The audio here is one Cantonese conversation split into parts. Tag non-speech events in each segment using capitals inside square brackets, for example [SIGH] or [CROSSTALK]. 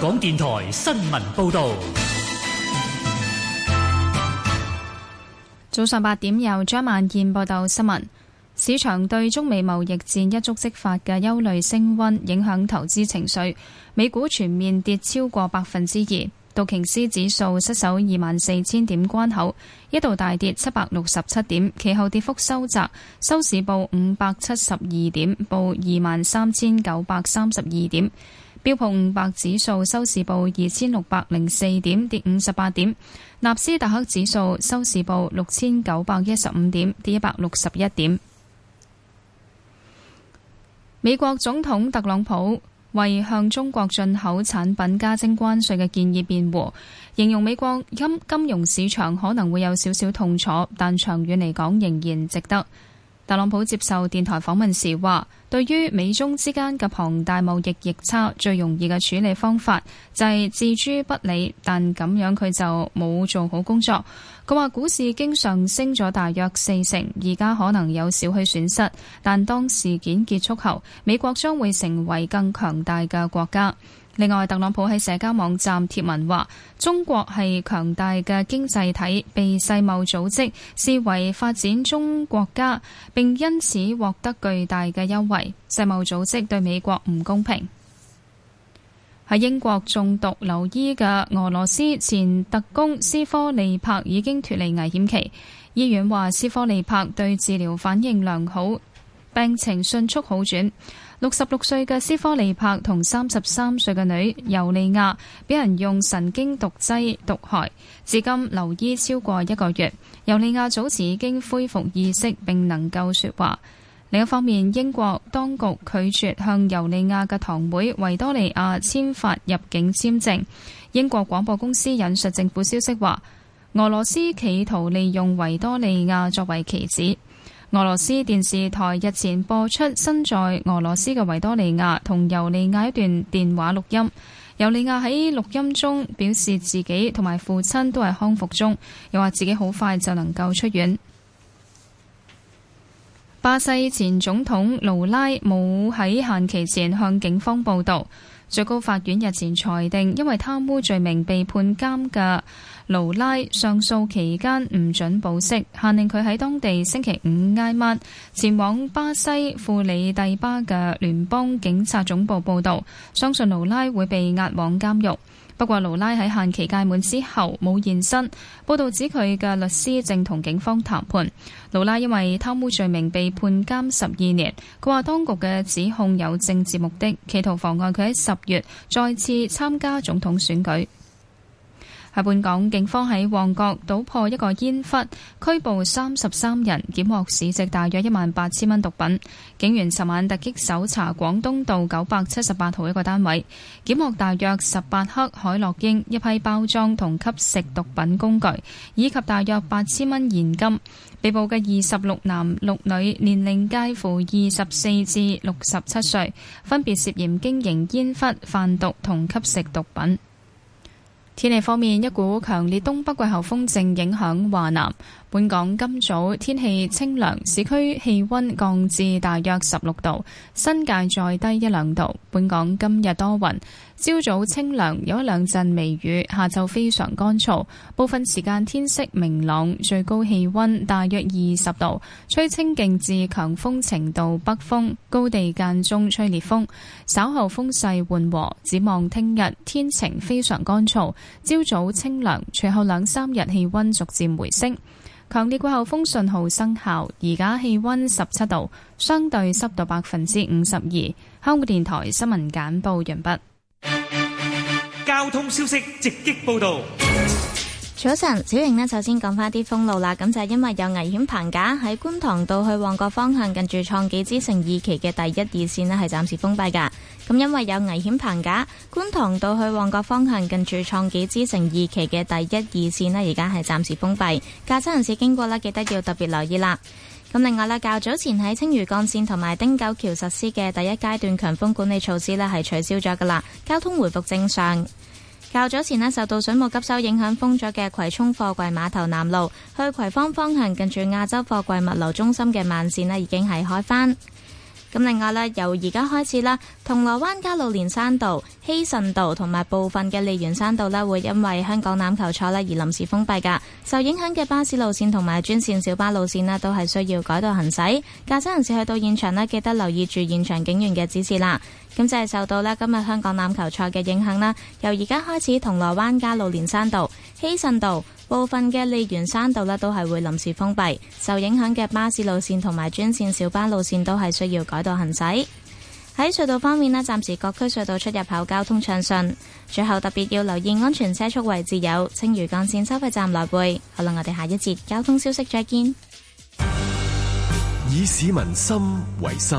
港電台新聞報道：早上八點，由張萬燕報道新聞。市場對中美貿易戰一觸即發嘅憂慮升溫，影響投資情緒，美股全面跌超過百分之二，道瓊斯指數失守二萬四千點關口，一度大跌七百六十七點，其後跌幅收窄，收市報五百七十二點，報二萬三千九百三十二點。標普五百指數收市報二千六百零四點，跌五十八點；納斯達克指數收市報六千九百一十五點，跌一百六十一點。美國總統特朗普為向中國進口產品加徵關稅嘅建議辯護，形容美國金金融市場可能會有少少痛楚，但長遠嚟講仍然值得。特朗普接受電台訪問時話，對於美中之間嘅龐大貿易逆差，最容易嘅處理方法就係置諸不理，但咁樣佢就冇做好工作。佢話股市經已上升咗大約四成，而家可能有少許損失，但當事件結束後，美國將會成為更強大嘅國家。另外，特朗普喺社交網站貼文話：中國係強大嘅經濟體，被世貿組織視為發展中國家，並因此獲得巨大嘅優惠。世貿組織對美國唔公平。喺英國中毒留醫嘅俄羅斯前特工斯科利柏已經脫離危險期，醫院話斯科利柏對治療反應良好。病情迅速好轉，六十六歲嘅斯科利柏同三十三歲嘅女尤利婭俾人用神經毒劑毒害，至今留醫超過一個月。尤利婭早已經恢復意識並能夠說話。另一方面，英國當局拒絕向尤利婭嘅堂妹維多利亞簽發入境簽證。英國廣播公司引述政府消息話，俄羅斯企圖利用維多利亞作為棋子。俄羅斯電視台日前播出身在俄羅斯嘅維多利亞同尤利亞一段電話錄音。尤利亞喺錄音中表示自己同埋父親都係康復中，又話自己好快就能夠出院。巴西前總統盧拉冇喺限期前向警方報到。最高法院日前裁定，因為貪污罪名被判監嘅。盧拉上訴期間唔准保釋，限令佢喺當地星期五挨晚前往巴西庫里蒂巴嘅聯邦警察總部報到。相信盧拉會被押往監獄。不過，盧拉喺限期屆滿之後冇現身。報道指佢嘅律師正同警方談判。盧拉因為貪污罪名被判監十二年。佢話，當局嘅指控有政治目的，企圖妨礙佢喺十月再次參加總統選舉。喺本港警方喺旺角搗破一個煙窟，拘捕三十三人，檢獲市值大約一萬八千蚊毒品。警員尋晚突擊搜查廣東道九百七十八號一個單位，檢獲大約十八克海洛因、一批包裝同吸食毒品工具，以及大約八千蚊現金。被捕嘅二十六男六女，年齡介乎二十四至六十七歲，分別涉嫌經營煙窟、販毒同吸食毒品。天氣方面，一股強烈東北季候風正影響華南。本港今早天氣清涼，市區氣温降至大約十六度，新界再低一兩度。本港今日多雲。朝早清涼，有一兩陣微雨。下晝非常乾燥，部分時間天色明朗，最高氣溫大約二十度，吹清勁至強風程度北風，高地間中吹烈風。稍後風勢緩和，展望聽日天，天晴，非常乾燥。朝早清涼，隨後兩三日氣溫逐漸回升，強烈季候風信號生效。而家氣溫十七度，相對濕度百分之五十二。香港電台新聞簡報，完畢。交通消息直擊報道。早晨，小瑩呢，首先講翻啲封路啦。咁就係因為有危險棚架喺觀塘道去旺角方向近住創紀之城二期嘅第一二綫呢係暫時封閉噶咁因為有危險棚架，觀塘道去旺角方向近住創紀之城二期嘅第一二綫呢，而家係暫時封閉。駕車人士經過呢，記得要特別留意啦。.咁另外啦，較早前喺青嶼幹線同埋汀九橋實施嘅第一階段強風管理措施呢，係取消咗噶啦，交通回復正常。較早前呢，受到水務急收影響封咗嘅葵涌貨櫃碼頭南路去葵芳方，方向，近住亞洲貨櫃物流中心嘅慢線呢，已經係開返。咁另外咧，由而家開始啦，銅鑼灣加路連山道、希慎道同埋部分嘅利園山道呢，會因為香港欖球賽呢而臨時封閉噶。受影響嘅巴士路線同埋專線小巴路線呢，都係需要改道行駛。駕車人士去到現場呢，記得留意住現場警員嘅指示啦。咁就係受到今日香港籃球賽嘅影響啦。由而家開始，銅鑼灣加路連山道、希慎道部分嘅利園山道呢都係會臨時封閉。受影響嘅巴士路線同埋專線小巴路線都係需要改道行駛。喺隧道方面咧，暫時各區隧道出入口交通暢順。最後特別要留意安全車速位置，有青嶼幹線收費站來回。好啦，我哋下一節交通消息再見。以市民心為心，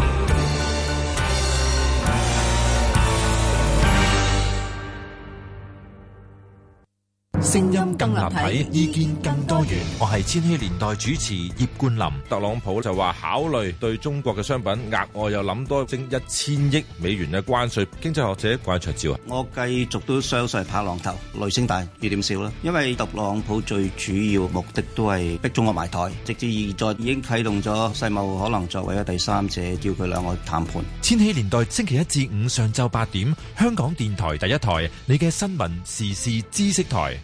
聲音更立體，意見更多元。我係千禧年代主持葉冠霖。特朗普就話考慮對中國嘅商品額外又諗多徵一千億美元嘅關稅。經濟學者關焯照啊，我繼續都相信拍榔頭雷聲大，雨點小啦。因為特朗普最主要目的都係逼中國埋台，直至現在已經啟動咗世貿，可能作為一個第三者叫佢兩個談判。千禧年代星期一至五上晝八點，香港電台第一台，你嘅新聞時事知識台。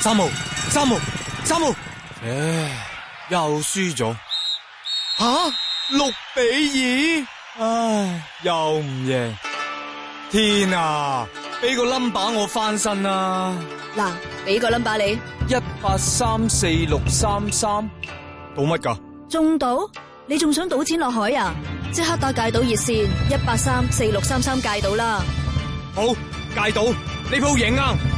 三毛，三毛，三毛，唉，又輸咗。吓，六比二，唉，又唔贏。天啊，俾個 number 我翻身啊。嗱，俾個 number 你，一八三四六三三，賭乜㗎？中到？你仲想賭錢落海啊？即刻打戒賭熱線一八三四六三三戒賭啦。好，戒賭，呢鋪贏啱。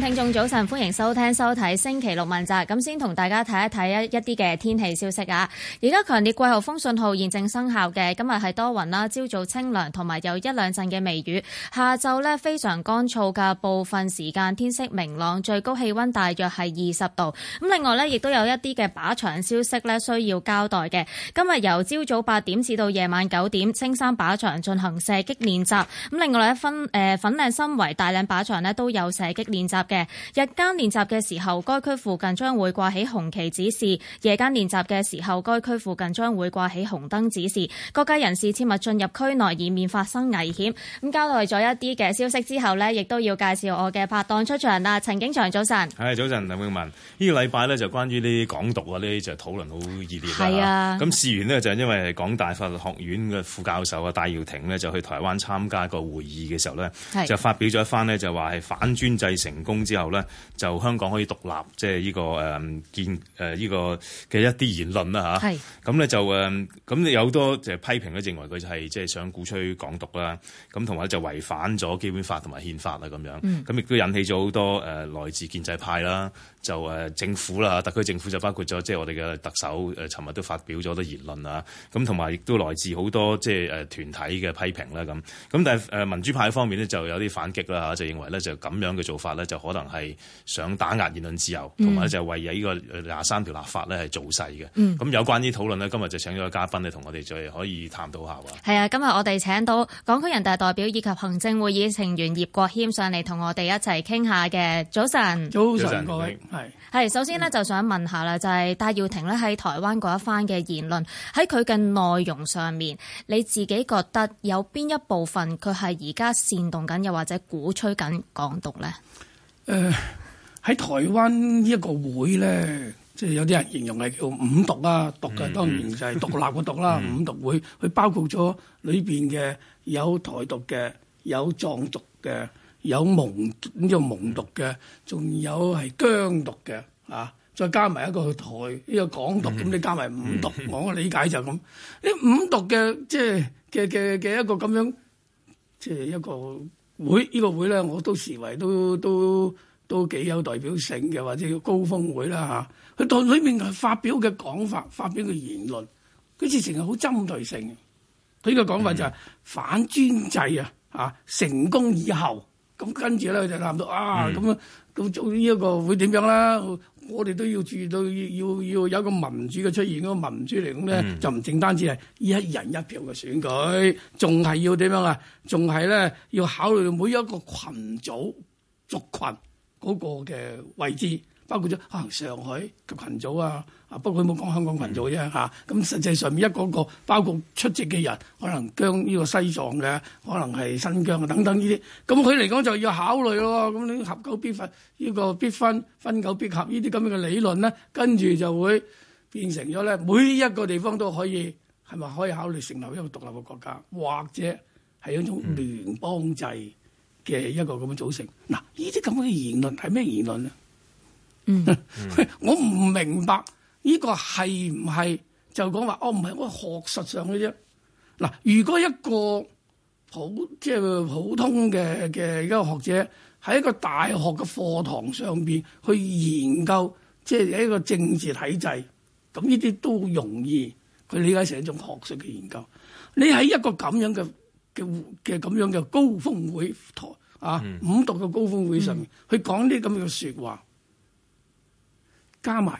聽眾早晨，歡迎收聽收睇星期六問責。咁先同大家睇一睇一一啲嘅天氣消息啊！而家強烈季候風信號現正生效嘅，今日係多雲啦，朝早清涼，同埋有一兩陣嘅微雨。下晝咧非常乾燥嘅部分時間，天色明朗，最高氣溫大約係二十度。咁另外咧，亦都有一啲嘅靶場消息咧需要交代嘅。今日由朝早八點至到夜晚九點，青山靶場進行射擊練習。咁另外一分誒粉嶺新圍大嶺靶場咧都有射擊練習。嘅日間練習嘅時候，該區附近將會掛起紅旗指示；夜間練習嘅時候，該區附近將會掛起紅燈指示。各界人士切勿進入區內，以免發生危險。咁交代咗一啲嘅消息之後呢，亦都要介紹我嘅拍檔出場啦。陳景祥早晨，係早晨，林永文。呢個禮拜呢，就關於呢啲港獨啊呢啲就討論好熱烈係啊。咁的事緣呢，就因為港大法律學院嘅副教授啊戴耀廷呢，就去台灣參加個會議嘅時候呢，就發表咗一番呢，就話係反專制成功。之後咧，就香港可以獨立，即係呢個誒、嗯、建誒依、呃呢個嘅一啲言論啦嚇。咁咧是、啊、就誒，咁、嗯、有好多就批評咧，認為佢係即係想鼓吹港獨啦，咁同埋就違反咗基本法同埋憲法啦咁樣。咁亦都引起咗好多誒、呃、來自建制派啦，就誒政府啦，特區政府就包括咗即係我哋嘅特首誒，尋日都發表咗啲言論啊，咁同埋亦都來自好多即係誒團體嘅批評啦，咁咁但係誒民主派方面呢，就有啲反擊啦，就認為呢，就咁樣嘅做法呢，就可能係想打壓言論自由，同埋、嗯、就為啊呢個廿三條立法呢係造勢嘅。咁、嗯、有關啲討論呢，今日就請咗個嘉賓咧同我哋再可以探討下喎。係啊，今日我哋請到港區人大代表以及行政會議成員葉國謙上嚟同我哋一齊傾下嘅。早晨，早晨各位。係，係首先咧，就想問下啦，嗯、就係戴耀廷咧喺台灣嗰一番嘅言論，喺佢嘅內容上面，你自己覺得有邊一部分佢係而家煽動緊，又或者鼓吹緊港獨呢？誒、呃，喺台灣呢一個會咧，即係有啲人形容係叫五獨啦，獨嘅當然就係獨立嘅獨啦， [LAUGHS] 五獨會佢包括咗裏邊嘅有台獨嘅，有藏獨嘅。有蒙呢個蒙獨嘅，仲有係疆獨嘅，啊，再加埋一個台呢個港獨，咁你、嗯、加埋五獨，嗯、我嘅理解就係咁。呢五獨嘅即係嘅嘅嘅一個咁樣，即係一個會呢、呢個會咧，我都視為都都都，都幾有代表性嘅，或者叫高峰會啦嚇。佢當裏面係發表嘅講法，發表嘅言論，佢似成係好針對性。佢呢個講法就係反專制啊！啊，成功以後。咁跟住咧，佢就諗到啊，咁啊做呢一個會點樣啦？我哋都要注意到要，要要要有一個民主嘅出現，個民主嚟講咧， [NOISE] 就唔淨單止係一人一票嘅選舉，仲係要點樣啊？仲係咧要考慮每一個群組族群嗰個嘅位置。包括咗可能上海嘅群組啊，啊不過佢冇講香港群組啫嚇。咁、啊、實際上面一個一個包括出席嘅人，可能將呢個西藏嘅，可能係新疆啊等等呢啲。咁佢嚟講就要考慮咯。咁你合久必分，呢個必分分久必合呢啲咁嘅理論咧，跟住就會變成咗咧，每一個地方都可以係咪可以考慮成立一個獨立嘅國家，或者係一種聯邦制嘅一個咁嘅組成？嗱、啊，呢啲咁嘅言論係咩言論咧？嗯， [LAUGHS] 我唔明白呢個係唔係就講話哦？唔係我學術上嘅啫。嗱，如果一個普即係、就是、普通嘅嘅一個學者，喺一個大學嘅課堂上邊去研究，即、就、係、是、一個政治體制，咁呢啲都容易佢理解成一種學術嘅研究。你喺一個咁樣嘅嘅嘅咁樣嘅高峰會台啊，五獨嘅高峰會上面、嗯、去講啲咁嘅說話。加埋，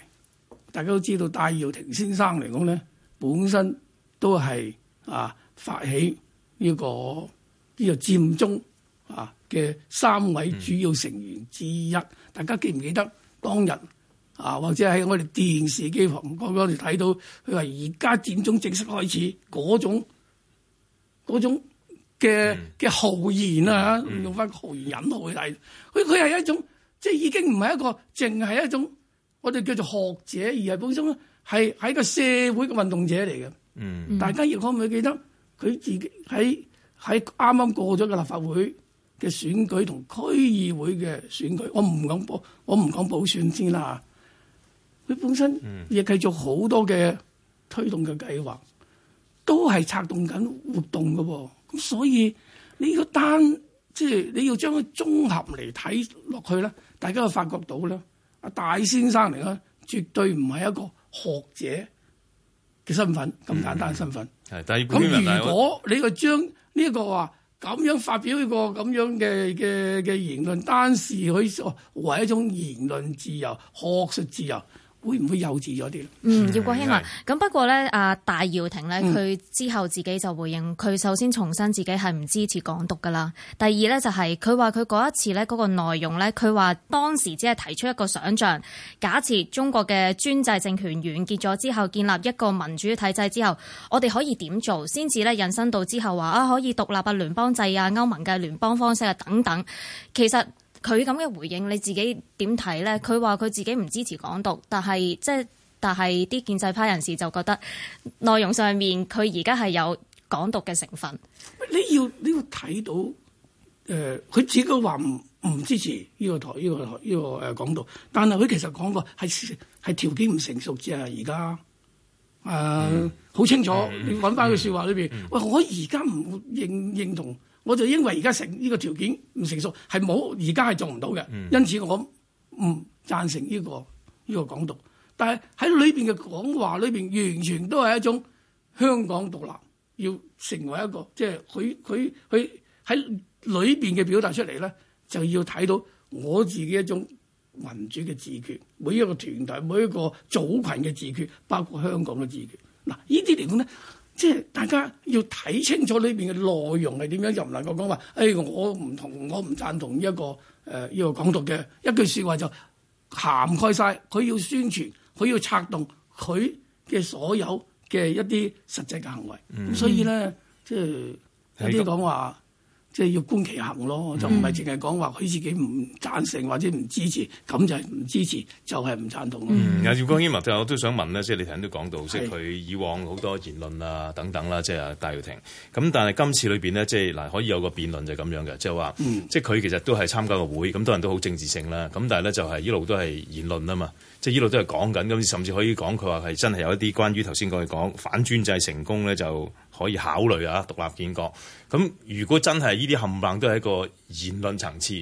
大家都知道戴耀廷先生嚟講咧，本身都係啊發起呢個呢個佔中啊嘅三位主要成員之一。嗯、大家記唔記得當日啊，或者喺我哋電視機旁唔講我哋睇到佢話而家佔中正式開始嗰種嗰種嘅嘅豪言啊，用翻豪言引號去睇佢佢係一種即係已經唔係一個淨係一種。我哋叫做學者，而係本身係喺個社會嘅運動者嚟嘅。大家亦可唔可以記得佢自己喺喺啱啱過咗嘅立法會嘅選舉同區議會嘅選舉，我唔講保，我唔講補選先啦。佢本身亦繼續好多嘅推動嘅計劃，都係策動緊活動㗎喎。咁所以你個單即係你要將佢綜合嚟睇落去咧，大家就發覺到啦。阿戴先生嚟嘅，絕對唔係一個學者嘅身份，咁、嗯、簡單身份。咁、嗯、如果你就將個將呢一個話咁樣發表一個咁樣嘅嘅嘅言論，單是佢作為一種言論自由、學術自由。會唔會幼稚咗啲？嗯，要國興葉國謙啊，咁是是 不過呢，阿戴耀廷呢，佢之後自己就回應，佢、嗯、首先重申自己係唔支持港獨噶啦。第二呢、就是，就係佢話佢嗰一次呢，嗰個內容呢，佢話當時只係提出一個想像，假設中國嘅專制政權完結咗之後，建立一個民主體制之後，我哋可以點做先至呢，引申到之後話啊可以獨立啊聯邦制啊歐盟嘅聯邦方式啊等等，其實。佢咁嘅回應，你自己點睇咧？佢話佢自己唔支持港獨，但係即係但係啲建制派人士就覺得內容上面佢而家係有港獨嘅成分。你要你要睇到誒，佢自己都話唔唔支持呢個台呢、呢個呢、呢個誒、呃、港獨，但係佢其實講過係係條件唔成熟啫，而家誒好清楚，mm hmm. 你揾翻個説話裏邊，mm hmm. 喂，我而家唔認認同。我就因為而家成呢個條件唔成熟，係冇而家係做唔到嘅，因此我唔贊成呢個呢個港獨。但係喺裏邊嘅講話裏邊，完全都係一種香港獨立，要成為一個即係佢佢佢喺裏邊嘅表達出嚟咧，就要睇到我自己一種民主嘅自決，每一個團隊每一個組群嘅自決，包括香港嘅自決。嗱，呢啲嚟講咧。即係大家要睇清楚呢邊嘅內容係點樣，又唔能夠講話，誒我唔同，我唔贊同呢一個誒呢、呃呢個港獨嘅一句話說話就涵蓋晒，佢要宣傳，佢要策動佢嘅所有嘅一啲實際嘅行為。咁、嗯、所以咧，即係有啲講話。即係要觀其行咯，就唔係淨係講話佢自己唔贊成或者唔支持，咁、嗯、就係唔支持，就係、是、唔贊同嗯，阿邵光英文，嗯、我都想問咧，即係、嗯、你頭先都講到，是的 即係佢以往好多言論啊等等啦、啊，即係阿戴耀廷。咁但係今次裏面咧，即係嗱，可以有個辯論就係咁樣嘅，就是嗯、即係話，即係佢其實都係參加個會，咁當然都好政治性啦。咁但係咧就係一路都係言論啊嘛，即係一路都係講緊，咁甚至可以講佢話係真係有一啲關於頭先講嘅講反專制成功咧就。可以考慮啊，獨立建國。咁如果真係呢啲冚唪唥都係一個言論層次，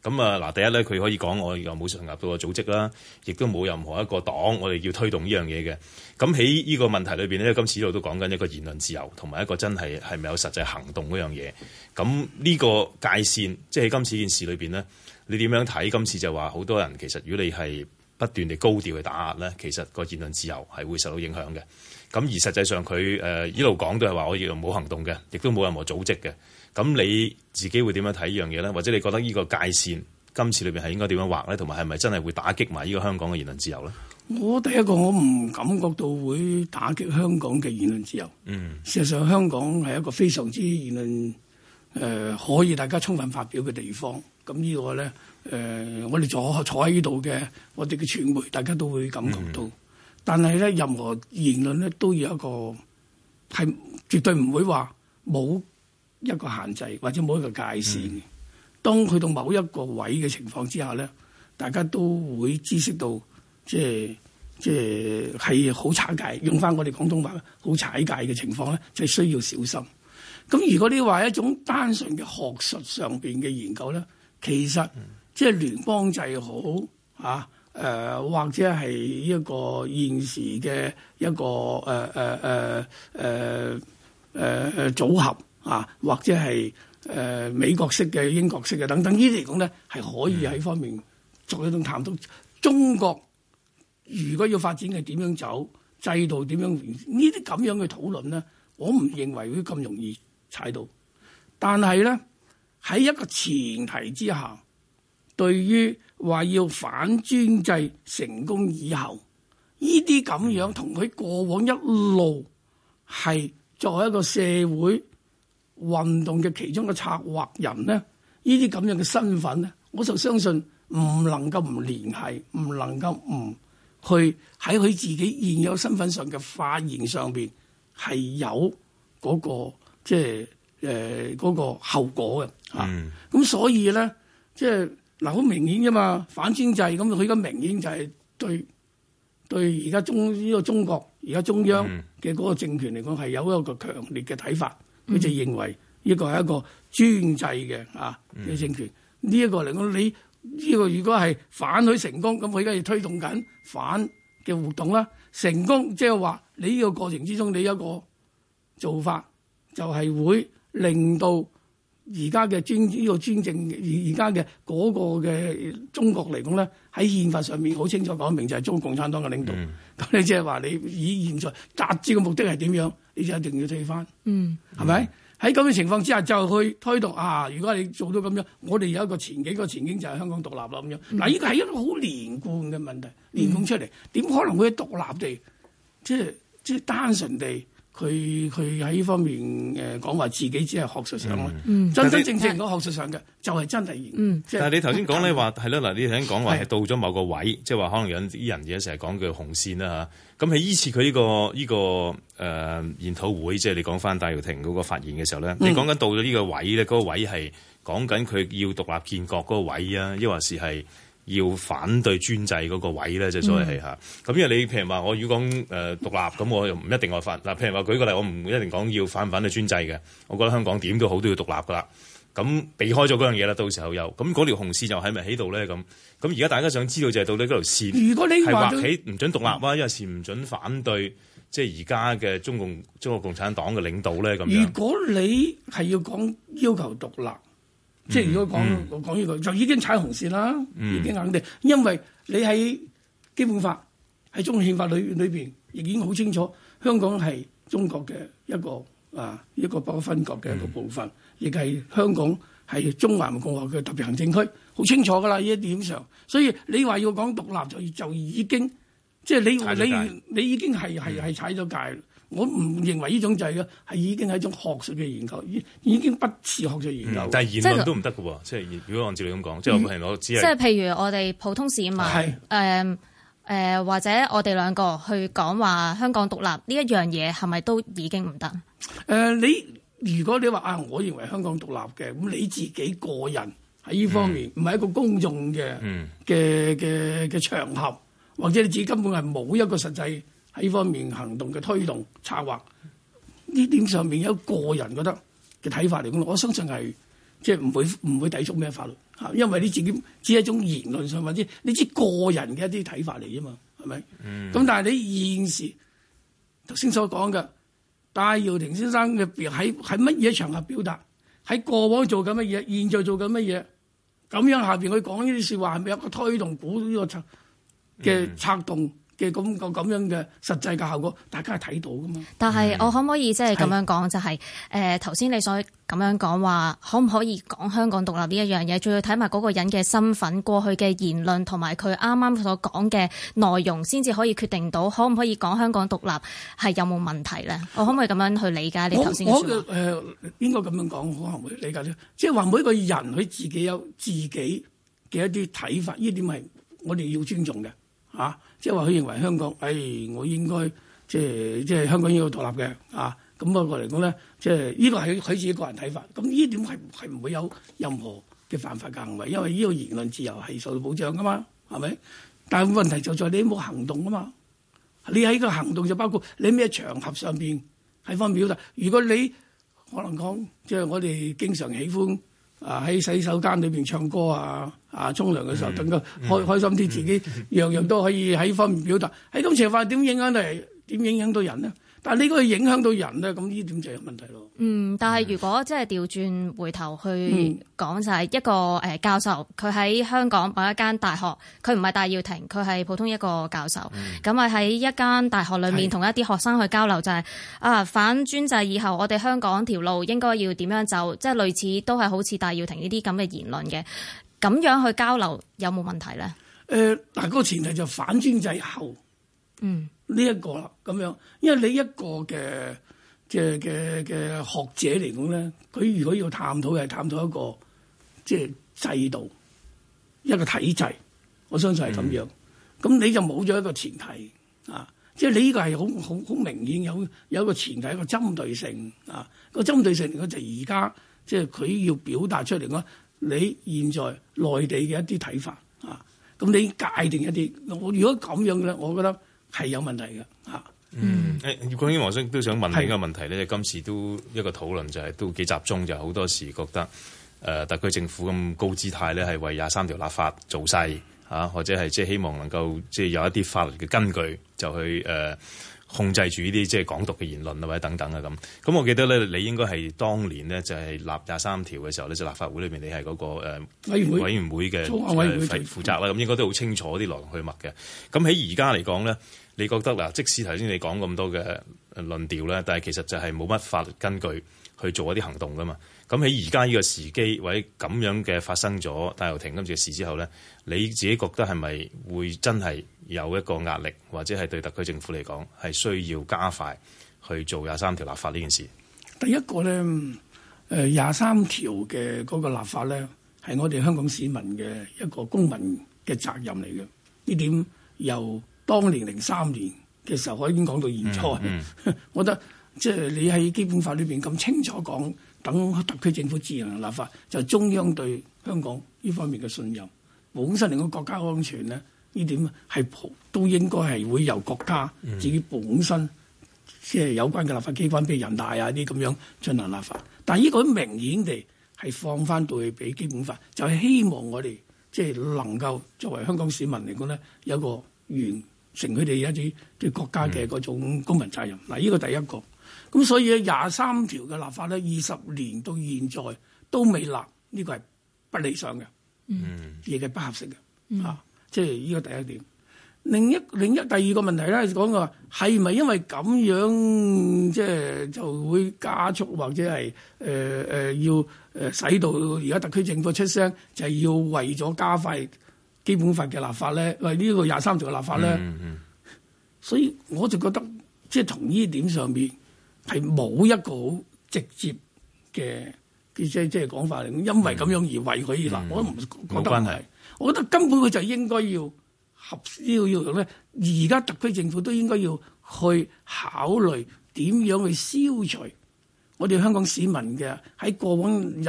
咁啊嗱，第一咧佢可以講我又冇成立到個組織啦，亦都冇任何一個黨我哋要推動呢樣嘢嘅。咁喺呢個問題裏邊咧，今次度都講緊一個言論自由同埋一個真係係咪有實際行動嗰樣嘢。咁呢個界線，即係喺今次件事裏邊呢，你點樣睇？今次就話好多人其實如果你係不斷地高調去打壓咧，其實個言論自由係會受到影響嘅。咁而實際上佢呃呢度講都係話我哋冇行動嘅，亦都冇任何組織嘅。咁你自己會點樣睇呢樣嘢咧？或者你覺得呢個界線今次裏邊係應該點樣劃咧？同埋係咪真係會打擊埋呢個香港嘅言論自由咧？我第一個我唔感覺到會打擊香港嘅言論自由。嗯，事實上香港係一個非常之言論、呃、可以大家充分發表嘅地方。咁呢個咧，呃，我哋坐坐喺呢度嘅，我哋嘅傳媒，大家都會感覺到。嗯嗯但係咧，任何言論咧都要有一個係絕對唔會話冇一個限制或者冇一個界線嘅。當去到某一個位嘅情況之下咧，大家都會意識到，即係即係係好踩界，用翻我哋廣東話，好踩界嘅情況咧，就是、需要小心。咁如果你話一種單純嘅學術上邊嘅研究咧，其實、嗯、即係聯邦制好啊。誒、呃、或者係一個現時嘅一個誒誒誒誒誒組合啊，或者係誒、呃、美國式嘅英國式嘅等等這來呢啲嚟講咧係可以喺方面作一種探討，嗯、中國如果要發展係點樣走制度，點樣完善呢啲噉樣嘅討論咧，我唔認為佢咁容易踩到，但係咧，喺一個前提之下。對於話要反專制成功以後，呢啲咁樣同佢過往一路係作為一個社會運動嘅其中嘅策劃人咧，呢啲咁樣嘅身份咧，我就相信唔能夠唔聯繫，唔能夠唔去喺佢自己現有身份上嘅發言上面、那個，係有嗰個即係嗰、呃那個後果嘅嚇。咁、嗯啊、所以咧，即係。嗱，好明顯啫嘛，反專制咁佢而家明顯就係對對而家中呢個中國而家中央嘅嗰個政權嚟講係有一個強烈嘅睇法，佢、嗯、就認為呢個係一個專制嘅、嗯、啊嘅政權，呢、呢、一個嚟講你呢、呢個如果係反佢成功，咁佢而家要推動緊反嘅活動啦，成功即係話你呢個過程之中你有一個做法就係會令到。而家嘅專呢個專政，而而家嘅嗰個嘅中國嚟講咧，喺憲法上面好清楚講明就係、是、中共產黨嘅領導。咁、嗯、你即係話你以現在達至嘅目的係點樣？你就一定要推翻。嗯，係咪吧？喺咁嘅情況之下，就去推動啊！如果你做到咁樣，我哋有一個前景，個前景就係香港獨立啦咁樣。嗱、啊，呢個係一個好連貫嘅問題，連貫出嚟點、嗯、可能會喺獨立地，即係即係單純地。佢佢喺呢方面誒講話自己只係學術上咯，嗯、真真正正講學術上嘅就係真係。嗯、但你頭先講呢話係啦，嗱，你頭先講話係到咗某個位，的即係話可能有啲人嘢成日講句「紅線啦」吓，咁喺依次佢呢、呢個呢、呢個誒、呃、研討會，即係你講翻戴耀廷嗰個發言嘅時候咧，你講緊到咗呢個位咧，嗰、嗰個位係講緊佢要獨立建國嗰個位啊，抑或是係要反對專制嗰個位咧，就所謂係吓咁，因為你譬如話，我如果講誒獨立，咁我又唔一定話反。嗱，譬如話舉個例，我唔一定講要，要反唔反對專制嘅。我覺得香港點都好都要獨立噶啦。咁避開咗嗰樣嘢啦，到時候又咁嗰條紅線就喺咪喺度咧咁。咁而家大家想知道就係到底嗰條線如果你係話起唔准獨立，或、嗯、因有時唔准反對即係而家嘅中共中國共產黨嘅領導咧咁。如果你係要講要求獨立。嗯、即係如果講講呢句，就已經踩紅線啦，嗯、已經肯定。因為你喺基本法喺中，中國憲法裏裏邊，已經好清楚，香港係中國嘅一個啊一個不可分割嘅一個部分，亦係、嗯、香港係中華人民共和國嘅特別行政區，好清楚㗎啦，呢一點上，所以你話要講獨立就就已經即係、就是、你你你已經係係係踩咗界了。嗯我唔認為呢種就係咯，係已經係一種學術嘅研究，已已經不似學術研究的、嗯。但係言論都唔得嘅喎，即係如果按照你咁講，嗯、即係是我只係，即係譬如我哋普通市民，誒誒是、呃呃，或者我哋兩個去講話香港獨立呢一樣嘢，係咪都已經唔得？誒、嗯呃，你如果你話啊，我認為香港獨立嘅，咁你自己個人喺呢方面唔係、嗯、一個公眾嘅嘅嘅嘅場合，或者你自己根本係冇一個實際。呢方面行動嘅推動策劃，呢點上面有個人覺得嘅睇法嚟，我相信係即係唔會唔會抵觸咩法律嚇，因為你自己只係一種言論上或者你知個人嘅一啲睇法嚟啫嘛，係咪？咁、嗯、但係你現時頭先所講嘅，戴耀廷先生嘅喺喺乜嘢場合表達，喺過往做緊乜嘢，現在做緊乜嘢，咁樣下邊佢講呢啲説話係咪有個推動鼓呢個策嘅策動？嗯嗯嘅咁個咁樣嘅實際嘅效果，大家係睇到噶嘛？但係我可唔可以即係咁樣講，就係，就係誒頭先你所咁樣講話，可唔可以講香港獨立呢一樣嘢？仲要睇埋嗰個人嘅身份、過去嘅言論同埋佢啱啱所講嘅內容，先至可以決定到可唔可以講香港獨立係有冇問題咧？我可唔可以咁樣去理解你頭先嘅説話？我我、呃，應該咁樣講，可能會理解，即係話每個人佢自己有自己嘅一啲睇法，呢點係我哋要尊重嘅吓。即係話佢認為香港，誒、哎，我應該即係即係香港應該獨立嘅啊！咁不過嚟講咧，即係呢、這個係佢自己個人睇法。咁呢點係係唔會有任何嘅犯法嘅行為，因為呢個言論自由係受到保障噶嘛，係咪？但係問題就在你冇行動噶嘛。你喺個行動就包括你咩場合上邊喺方面表達。如果你可能講即係我哋經常喜歡。啊！喺洗手間裏面唱歌啊！啊，沖涼嘅時候等佢開開心啲，自己樣 [LAUGHS] 樣都可以喺方面表達。喺咁情況點影響到人？點影響到人呢？但係呢個影響到人咧，咁呢點就有問題咯、嗯。嗯，但係如果即係調轉回頭去講，就係、嗯嗯、一個誒教授，佢喺香港某一間大學，佢唔係戴耀廷，佢係普通一個教授。咁啊喺一間大學裏面，同一啲學生去交流，是就係、是、啊反專制以後，我哋香港條路應該要點樣走，即係類似都係好似戴耀廷呢啲咁嘅言論嘅，咁樣去交流有冇問題呢？誒、呃、嗱、嗰個前提就係反專制後，嗯。呢一個啦，咁樣，因為你一個嘅即係嘅嘅學者嚟講咧，佢如果要探討，係探討一個即係制度、一個體制，我相信係咁樣。咁，嗯，你就冇咗一個前提啊，即係你呢個係好好好明顯有有一個前提，一個針對性啊，個針對性嗰就而家即係佢要表達出嚟講，你現在內地嘅一啲睇法啊，咁你界定一啲。我如果咁樣嘅咧，我覺得。係有問題嘅嚇。嗯，葉國謙黃生都想問你呢個問題咧。是的 今次都一個討論就係，是，都幾集中，就是，就好多時覺得誒、呃、特區政府咁高姿態咧，係為廿三條立法做勢嚇、啊，或者係即係希望能夠即係、就是、有一啲法律嘅根據，就去誒。呃控制住呢啲即係港獨嘅言論啊，或者等等啊咁。咁我記得咧，你應該係當年呢，就係立廿三條嘅時候咧，就立法會裏面，你係嗰個誒委員會嘅負責啦。咁應該都好清楚啲來龍去脈嘅。咁喺而家嚟講咧，你覺得嗱，即使頭先你講咁多嘅論調咧，但係其實就係冇乜法律根據去做一啲行動噶嘛。咁喺而家呢個時機或者咁樣嘅發生咗戴耀廷今次嘅事之後咧，你自己覺得係咪會真係有一個壓力，或者係對特區政府嚟講係需要加快去做廿三條立法呢件事？第一個咧，誒廿三條嘅嗰個立法咧，係我哋香港市民嘅一個公民嘅責任嚟嘅。呢點由當年零三年嘅時候我已經講到現在，嗯嗯、 [LAUGHS] 我覺得即係你喺基本法裏邊咁清楚講。等特區政府自行立法，就係中央對香港呢方面嘅信任，本身嚟講國家安全呢，呢點係都應該係會由國家自己本身即係有關嘅立法機關，譬如人大啊啲咁樣進行立法。但係呢個明顯地係放翻到去俾基本法，就係希望我哋即係能夠作為香港市民嚟講呢，有個完成佢哋一啲對國家嘅嗰種公民責任。嗱、嗯，呢個第一個。咁所以咧，廿三條嘅立法咧，二十年到現在都未立，呢、這個係不理想嘅，嗯，亦係不合適嘅，嗯、啊，即係呢個第一點。另一另一第二個問題咧，講話係咪因為咁樣，即係就會加速或者係誒誒要誒、呃、使到而家特區政府出聲，就係、是、要為咗加快基本法嘅立法咧，為、這、呢個廿三條嘅立法咧，嗯嗯、所以我就覺得即係從呢點上邊。係冇一個好直接嘅，即即係講法嚟。因為咁樣而為佢而立，嗯、我都唔無覺得冇關係。我覺得根本佢就應該要合呢個要用咧。而家特區政府都應該要去考慮點樣去消除我哋香港市民嘅喺過往入立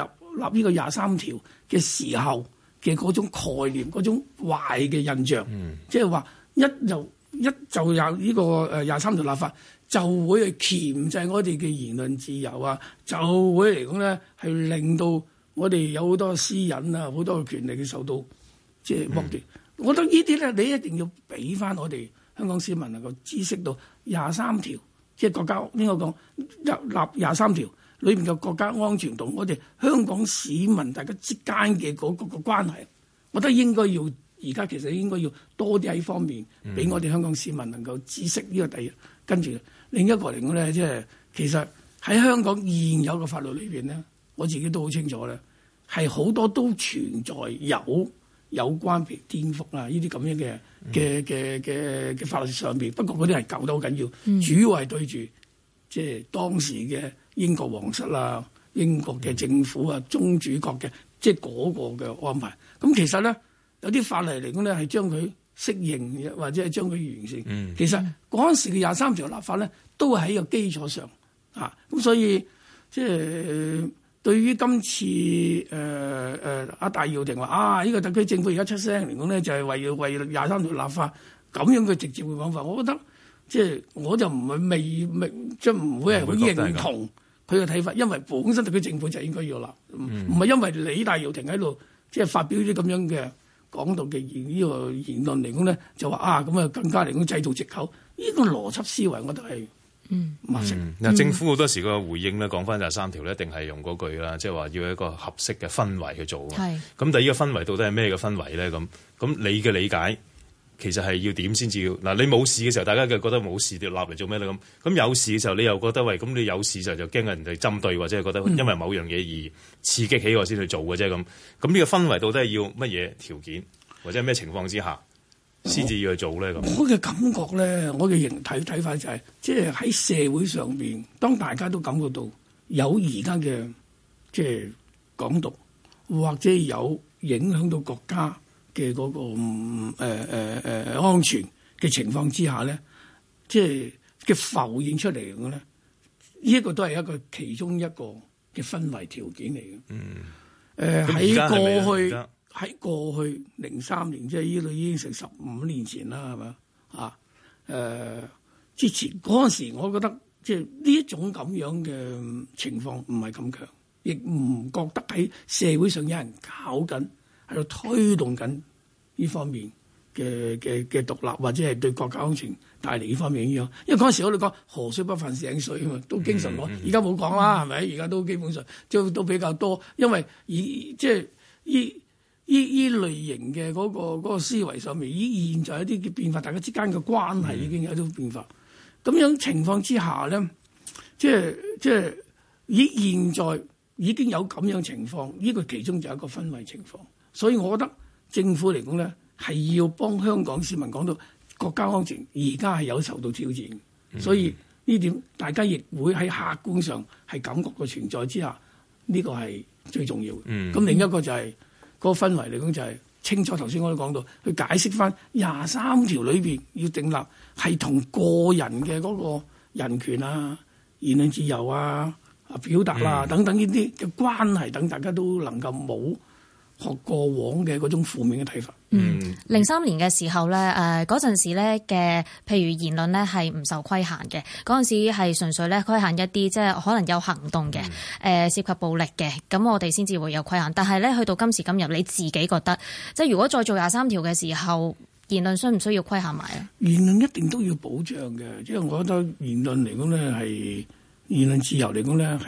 呢個廿三條嘅時候嘅嗰種概念、嗰種壞嘅印象。即係話一就一就有呢個誒廿三條立法。就會係鉗制我哋嘅言論自由啊！就會嚟講咧，係令到我哋有好多私隱啊，好多嘅權利受到即係剝奪。嗯、我覺得這些呢啲咧，你一定要俾翻我哋香港市民能夠知識到廿三條，即、就、係、是、國家應該講入立廿三條裏邊嘅國家安全同我哋香港市民大家之間嘅嗰個個關係，我覺得應該要而家其實應該要多啲喺方面俾我哋香港市民能夠知識呢個第二。跟住。另一個嚟講咧，即係其實喺香港現有嘅法律裏邊咧，我自己都好清楚咧，係好多都存在有有關嘅天覆啊，呢啲咁樣嘅嘅嘅嘅嘅法律上邊。不過嗰啲係舊得好緊要，主要係對住即係當時嘅英國皇室啦、英國嘅政府啊、宗、嗯、主國嘅即係嗰個嘅安排。咁其實咧有啲法例嚟講咧係將佢適應或者係將佢完善，嗯、其實嗰陣時嘅廿三條立法咧，都喺個基礎上嚇，咁、啊、所以即係、呃、對於今次誒誒阿戴耀廷話啊，呢、這個特區政府而家出聲嚟講咧，就係、是、為要為廿三條立法咁樣嘅直接嘅講法，我覺得即係、就是、我就唔係未明，即唔會係好認同佢嘅睇法，嗯、因為本身特區政府就應該要立，唔唔係因為李戴耀廷喺度即係發表啲咁樣嘅。講到嘅呢個言論嚟講咧，就話啊咁啊更加嚟講製造藉口，呢個邏輯思維我都係唔合適。嗱，政府好多時個回應咧，講翻就係三條咧，一定係用嗰句啦，即係話要一個合適嘅氛圍去做。係。咁第二個氛圍到底係咩嘅氛圍咧？咁咁你嘅理解？其實係要點先至要嗱，你冇事嘅時候，大家就覺得冇事，你立嚟做咩咧咁。咁有事嘅時候，你又覺得喂，咁你有事嘅時候，就驚人哋針對，或者係覺得因為某樣嘢而刺激起我先去做嘅啫咁。咁呢個氛圍到底係要乜嘢條件，或者咩情況之下先至要去做咧咁、哦？我嘅感覺咧，我嘅形體睇法就係、係，即係喺社會上邊，當大家都感覺到有而家嘅即係港獨，或者有影響到國家。嘅嗰、那個誒誒、呃呃呃、安全嘅情況之下咧，即係嘅浮現出嚟嘅咧，呢、這個、一個都係一個其中一個嘅氛圍條件嚟嘅。嗯，誒喺、呃、過去喺過去零三年，即係呢度已經成十五年前啦，係咪啊？誒、呃、之前嗰陣時，我覺得即係呢一種咁樣嘅情況唔係咁強，亦唔覺得喺社會上有人搞緊。喺度推動緊呢方面嘅嘅嘅獨立，或者係對國家安全帶嚟呢方面嘅影響。因為嗰陣時我哋講，河水不犯井水啊嘛，都經常講。而家冇講啦，係咪？而家都基本上都都比較多，因為以即係依依依類型嘅嗰個嗰個思維上面，依現在有啲嘅變化，大家之間嘅關係已經有種變化。咁樣情況之下咧，即係即係以現在已經有咁樣的情況，呢個其中就係一個氛圍情況。所以我覺得政府嚟講咧，係要幫香港市民講到國家安全，而家係有受到挑戰。所以呢點大家亦會喺客觀上係感覺個存在之下，呢個係最重要嘅。咁另一個就係個氛圍嚟講，就係清楚頭先我都講到，去解釋翻廿三條裏面要訂立係同個人嘅嗰個人權啊、言論自由啊、啊表達啊等等呢啲嘅關係，等大家都能夠冇學過往嘅嗰種負面嘅睇法。嗯，零三年嘅時候咧，誒嗰陣時咧嘅，譬如言論咧係唔受規限嘅。嗰陣時係純粹咧規限一啲，即係可能有行動嘅，誒、嗯、涉及暴力嘅，咁我哋先至會有規限。但係咧，去到今時今日，你自己覺得，即係如果再做廿三條嘅時候，言論需唔需要規限埋啊？言論一定都要保障嘅，即係我覺得言論嚟講咧係言論自由嚟講咧係。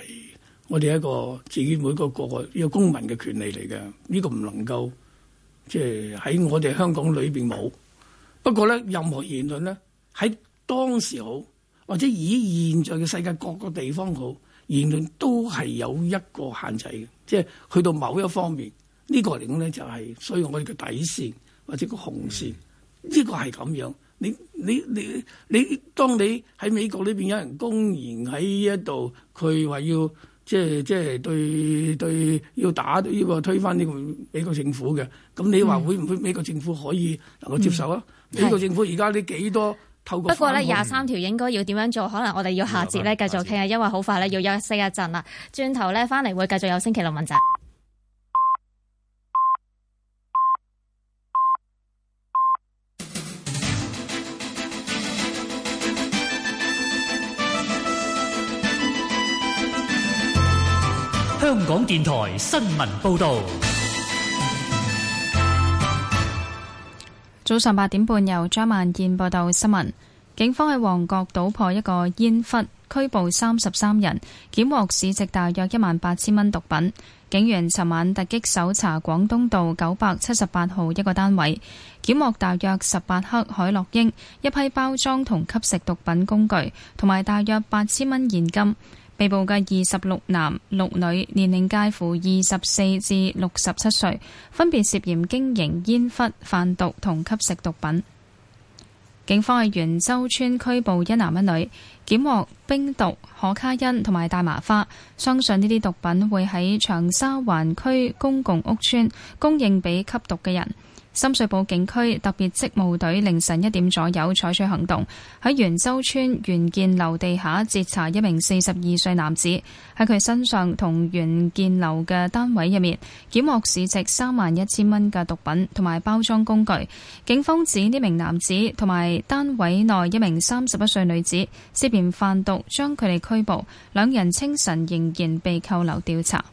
我哋一個自己每個個個呢個公民嘅權利嚟嘅，呢個唔能夠即係喺我哋香港裏邊冇。不過咧，任何言論咧喺當時好，或者以現在嘅世界各個地方好，言論都係有一個限制嘅，即係去到某一方面呢個嚟講咧就係，所以我哋嘅底線或者個紅線呢個係咁樣。你你你你，當你喺美國裏邊有人公然喺呢一度，佢話要。即係即係對，對要打呢個推翻呢個美國政府嘅，咁你話會唔會美國政府可以能夠接受啊？嗯、美國政府而家你幾多，嗯、透過？不過呢，廿三條應該要點樣做？可能我哋要下節咧繼續傾啊，嗯、下節因為好快咧要休息一陣啦。轉頭咧翻嚟會繼續有星期六問責。港電台新聞報道：早上八點半，由張萬燕報道新聞。警方喺旺角搗破一個煙窟，拘捕三十三人，檢獲市值大約一萬八千蚊毒品。警員尋晚突擊搜查廣東道九百七十八號一個單位，檢獲大約十八克海洛因、一批包裝同吸食毒品工具，同埋大約八千蚊現金。被捕嘅二十六男六女，年齡介乎二十四至六十七歲，分別涉嫌經營煙忽、販毒同吸食毒品。警方喺元州邨拘捕一男一女，檢獲冰毒、可卡因同埋大麻花，相信呢啲毒品會喺長沙灣區公共屋邨供應俾吸毒嘅人。深水埗警區特別職務隊凌晨一點左右採取行動，喺元洲村元建樓地下截查一名四十二歲男子，喺佢身上同元建樓嘅單位入面，檢獲市值三萬一千蚊嘅毒品同埋包裝工具。警方指呢名男子同埋單位內一名三十一歲女子涉嫌販毒，將佢哋拘捕，兩人清晨仍然被扣留調查。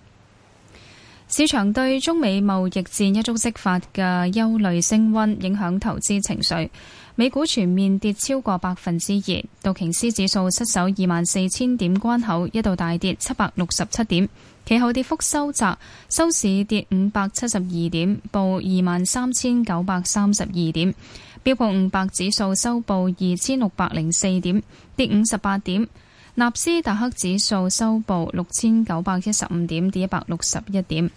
市場對中美貿易戰一觸即發嘅憂慮升温，影響投資情緒。美股全面跌超過百分之二，道瓊斯指數失守二萬四千點關口，一度大跌七百六十七點。其後跌幅收窄，收市跌五百七十二點，報二萬三千九百三十二點。標普五百指數收報二千六百零四點，跌五十八點。納斯達克指數收報六千九百一十五點，跌一百六十一點。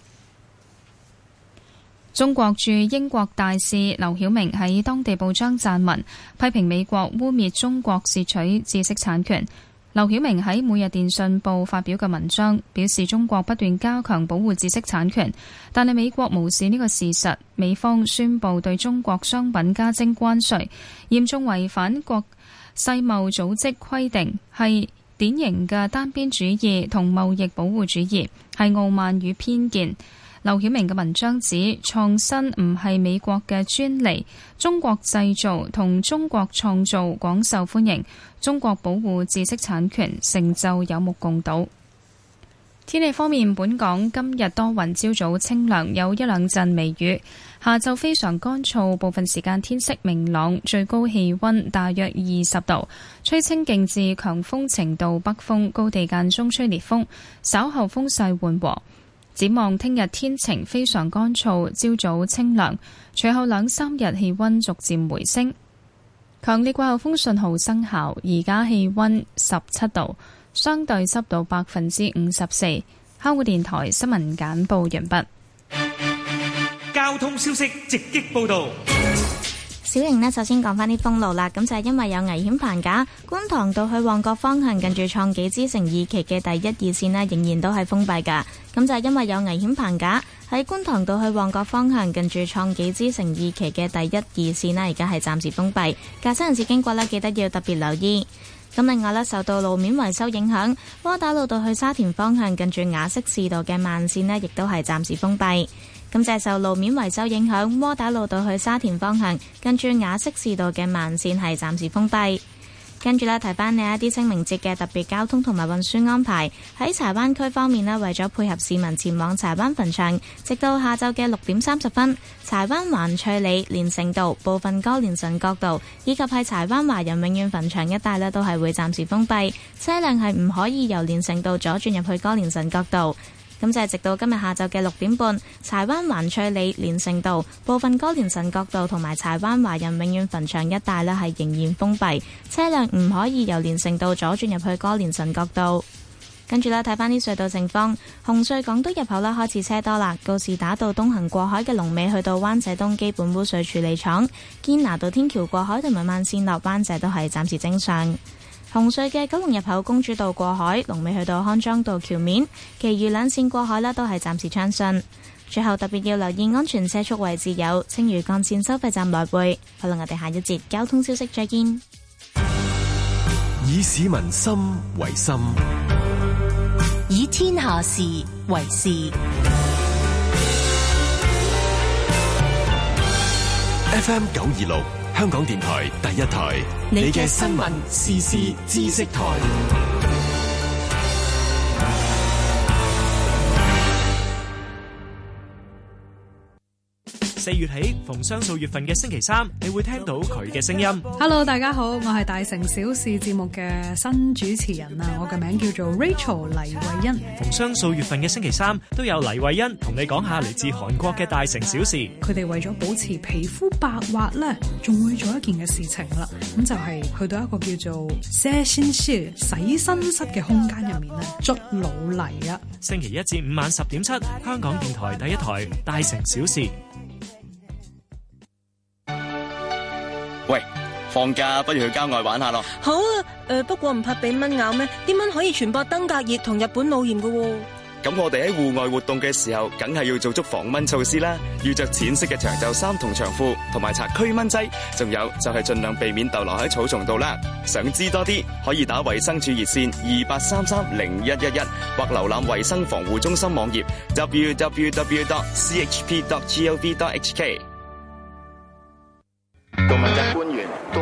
中國駐英國大使劉曉明喺當地報章撰文，批評美國污蔑中國竊取知識產權。劉曉明喺《每日電訊報》發表嘅文章表示，中國不斷加強保護知識產權，但係美國無視呢個事實，美方宣布對中國商品加徵關稅，嚴重違反世貿組織規定，係。典型嘅單邊主義同貿易保護主義，係傲慢與偏見。劉曉明嘅文章指，創新唔係美國嘅專利，中國製造同中國創造廣受歡迎，中國保護知識產權成就有目共睹。天氣方面，本港今日多雲，朝早清涼，有一兩陣微雨。下晝非常乾燥，部分時間天色明朗，最高氣温大約二十度，吹清勁至強風程度北風，高地間中吹烈風，稍後風勢緩和。展望聽日天，天晴，非常乾燥，朝早清涼，隨後兩三日氣温逐漸回升。強烈季候風信號生效，而家氣温十七度，相對濕度百分之五十四。香港電台新聞簡報完畢。交通消息直擊報道。小瑩呢，首先講翻啲封路啦。咁就係因為有危險棚架，觀塘道去旺角方向近住創紀之城二期嘅第一二綫呢，仍然都係封閉噶。咁就係因為有危險棚架，喺觀塘道去旺角方向近住創紀之城二期嘅第一二綫呢，而家係暫時封閉。駕駛人士經過呢，記得要特別留意。咁另外呢，受到路面維修影響，窩打老道去沙田方向近住雅息士道嘅慢綫呢，亦都係暫時封閉。咁就係受路面維修影響，窩打老道去沙田方向，跟住雅息士道嘅慢線係暫時封閉。跟住呢，提返你一啲清明節嘅特別交通同埋運輸安排。喺柴灣區方面呢，為咗配合市民前往柴灣墳場，直到下晝嘅六點三十分，柴灣環翠里連城道部分歌角度、歌連臣角道以及喺柴灣華人永遠墳場一帶呢，都係會暫時封閉，車輛係唔可以由連城道左轉入去歌連臣角道。咁就係直到今日下晝嘅六點半，柴灣環翠里連城道部分、哥連臣角道同埋柴灣華人永遠墳場一帶呢係仍然封閉，車輛唔可以由連城道左轉入去哥連臣角道。跟住啦，睇翻啲隧道情況，紅隧港都入口啦開始車多啦，告士打道東行過海嘅龍尾去到灣仔東基本污水處理廠，堅拿道天橋過海同埋慢線落灣仔都係暫時正常。紅隧嘅九龍入口公主道過海，龍尾去到康莊道橋面，其餘兩線過海咧都係暫時暢順。最後特別要留意安全車速位置有青嶼幹線收費站來回。好啦，我哋下一節交通消息再見。以市民心為心，以天下事為事。FM 九二六。香港電台第一台，你嘅新聞、時事、知識台。四月起，逢雙數月份嘅星期三，你會聽到佢嘅聲音。Hello，大家好，我係大城小事節目嘅新主持人啊！我嘅名叫做 Rachel 黎慧欣。逢雙數月份嘅星期三，都有黎慧欣同你講下嚟自韓國嘅大城小事。佢哋為咗保持皮膚白滑呢，仲會做一件嘅事情啦。咁就係去到一個叫做 s s s e n 洗先室、洗身室嘅空間入面咧，捉老泥啊！星期一至五晚十點七，香港電台第一台《大城小事》。放假不如去郊外玩下咯。好誒、啊呃，不過唔怕俾蚊咬咩？啲蚊可以傳播登革熱同日本腦炎嘅。咁我哋喺戶外活動嘅時候，梗係要做足防蚊措施啦。要着淺色嘅長袖衫同長褲，同埋擦驅蚊劑。仲有就係、是、盡量避免逗留喺草叢度啦。想知多啲，可以打衛生署熱線二八三三零一一一，或瀏覽衛生防護中心網頁 w w w dot c h p dot g o v dot h k。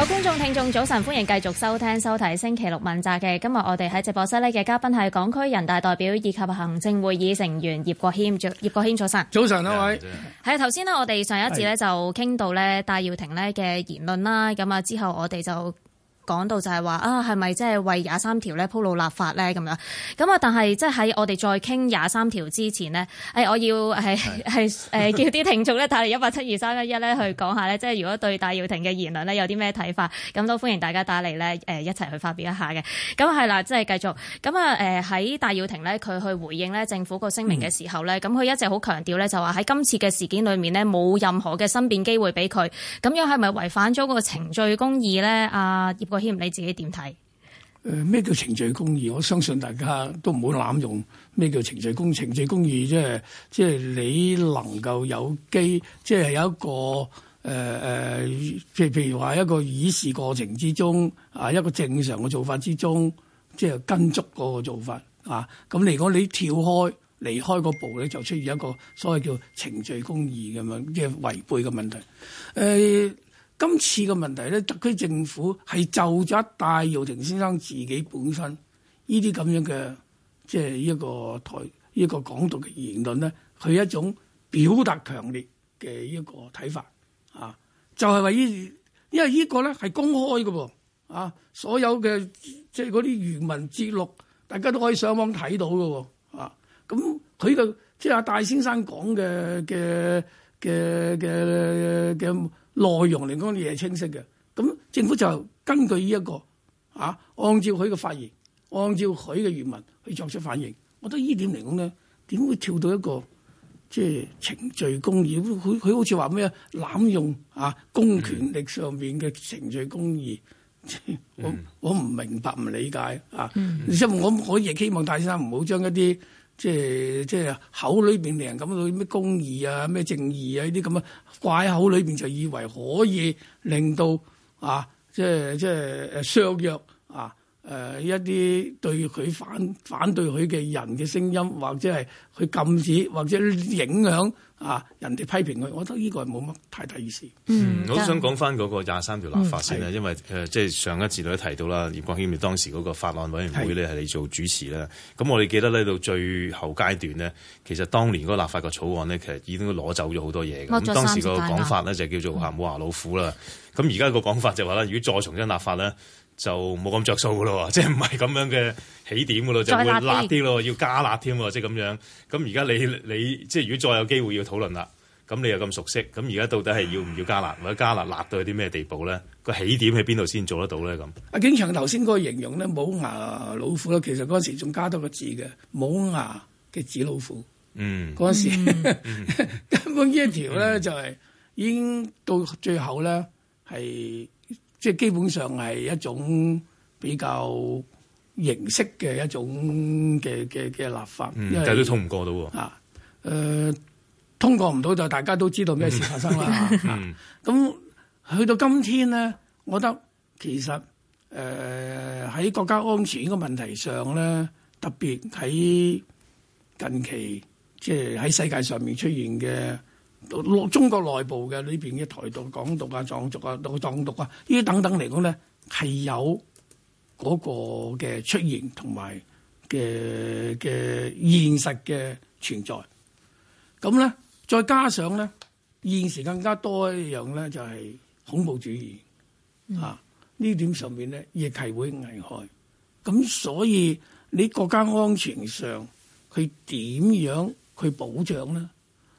各位觀眾、聽眾，早晨！歡迎繼續收聽、收睇《星期六問責》嘅今日，我哋喺直播室呢嘅嘉賓係港區人大代表以及行政會議成員葉國謙，葉國謙早晨，早晨，各位。係頭先呢，我哋上一節咧就傾到咧戴耀廷呢嘅言論啦。咁啊是之後，我哋就。講到就係話啊，係咪即係為廿三條咧鋪路立法咧咁樣？咁啊，但係即係喺我哋再傾廿三條之前呢，誒，我要係係誒叫啲聽眾咧打嚟一八七二三一一咧去講下咧，即係 [LAUGHS] 如果對戴耀廷嘅言論咧有啲咩睇法，咁都歡迎大家打嚟咧誒一齊去發表一下嘅。咁係啦，即係繼續。咁啊誒喺戴耀廷咧，佢去回應咧政府個聲明嘅時候咧，咁佢、嗯、一直好強調咧，就話喺今次嘅事件裡面咧，冇任何嘅申辯機會俾佢。咁樣係咪違反咗嗰個程序公義咧？啊，葉。我欠你自己點睇？誒，咩叫程序公義？我相信大家都唔好濫用咩叫程序公程序公義，即係即係你能夠有機，即係有一個誒誒，譬譬如話一個議事過程之中啊，一個正常嘅做法之中，即係跟足個做法啊。咁如果你跳開離開個步咧，你就出現一個所謂叫程序公義嘅問，即係違背嘅問題。誒。今次嘅問題咧，特區政府係就咗戴耀廷先生自己本身呢啲咁樣嘅，即係一個台一個港獨嘅言論咧，佢一種表達強烈嘅一個睇法啊，就係話呢，因為呢個咧係公開嘅噃啊，所有嘅即係嗰啲《漁民節錄》，大家都可以上網睇到嘅喎啊，咁佢就即係阿戴先生講嘅嘅嘅嘅嘅。的的的的的內容嚟講，嘢係清晰嘅。咁政府就根據呢、這、一個啊，按照佢嘅發言，按照佢嘅原文去作出反應。我覺得點呢點嚟講咧，點會跳到一個即係、就是、程序公義？佢佢好似話咩啊？濫用啊公權力上面嘅程序公義，嗯、 [LAUGHS] 我我唔明白，唔理解啊。嗯、所以我我亦希望戴先生唔好將一啲。即係即係口裏邊嚟咁，感到啲咩公義啊、咩正義啊呢啲咁啊，怪口裏邊就以為可以令到啊，即係即係誒削弱。誒、呃、一啲對佢反反對佢嘅人嘅聲音，或者係佢禁止或者影響啊人哋批評佢，我覺得呢個係冇乜太大意思。嗯，嗯，我好想講翻嗰個廿三條立法先啦，嗯嗯、因為即係是、呃、上一次都提到啦，葉國興、葉國謙當時嗰個法案委員會咧係你做主持啦。咁是我哋記得呢到最後階段呢，其實當年嗰個立法個草案呢，其實已經攞走咗好多嘢嘅。咁當時個講法呢，就叫做冇牙老虎啦。咁而家個講法就話咧，如果再重新立法呢。就冇咁着數嘅咯，即係唔係咁樣嘅起點嘅咯，就會辣啲咯，要加辣添喎，即係咁樣。咁而家你你即係如果再有機會要討論啦，咁你又咁熟悉，咁而家到底係要唔要加辣，或者加辣辣到去啲咩地步咧？個起點喺邊度先做得到咧？咁啊，警長頭先嗰個形容咧，冇牙老虎啦，其實嗰陣時仲加多個字嘅，冇牙嘅紙老虎。嗯，嗰陣時根本呢一條咧就係、係嗯、已經到最後咧係。即係基本上係一種比較形式嘅一種嘅嘅嘅立法，一係、嗯、為都通唔過到喎。啊、呃，通過唔到就大家都知道咩事發生啦。咁、嗯嗯、去到今天咧，我覺得其實誒喺、呃、國家安全嘅問題上咧，特別喺近期即係喺世界上面出現嘅。中國內部嘅裏面嘅台獨、港獨啊、藏族啊、到藏獨啊，呢啲等等嚟講咧，係有嗰個嘅出現同埋嘅嘅現實嘅存在。咁咧，再加上咧，現時更加多一樣咧，就係恐怖主義、嗯、啊。呢點上面咧，亦係會危害。咁所以你國家安全上佢點樣去保障咧？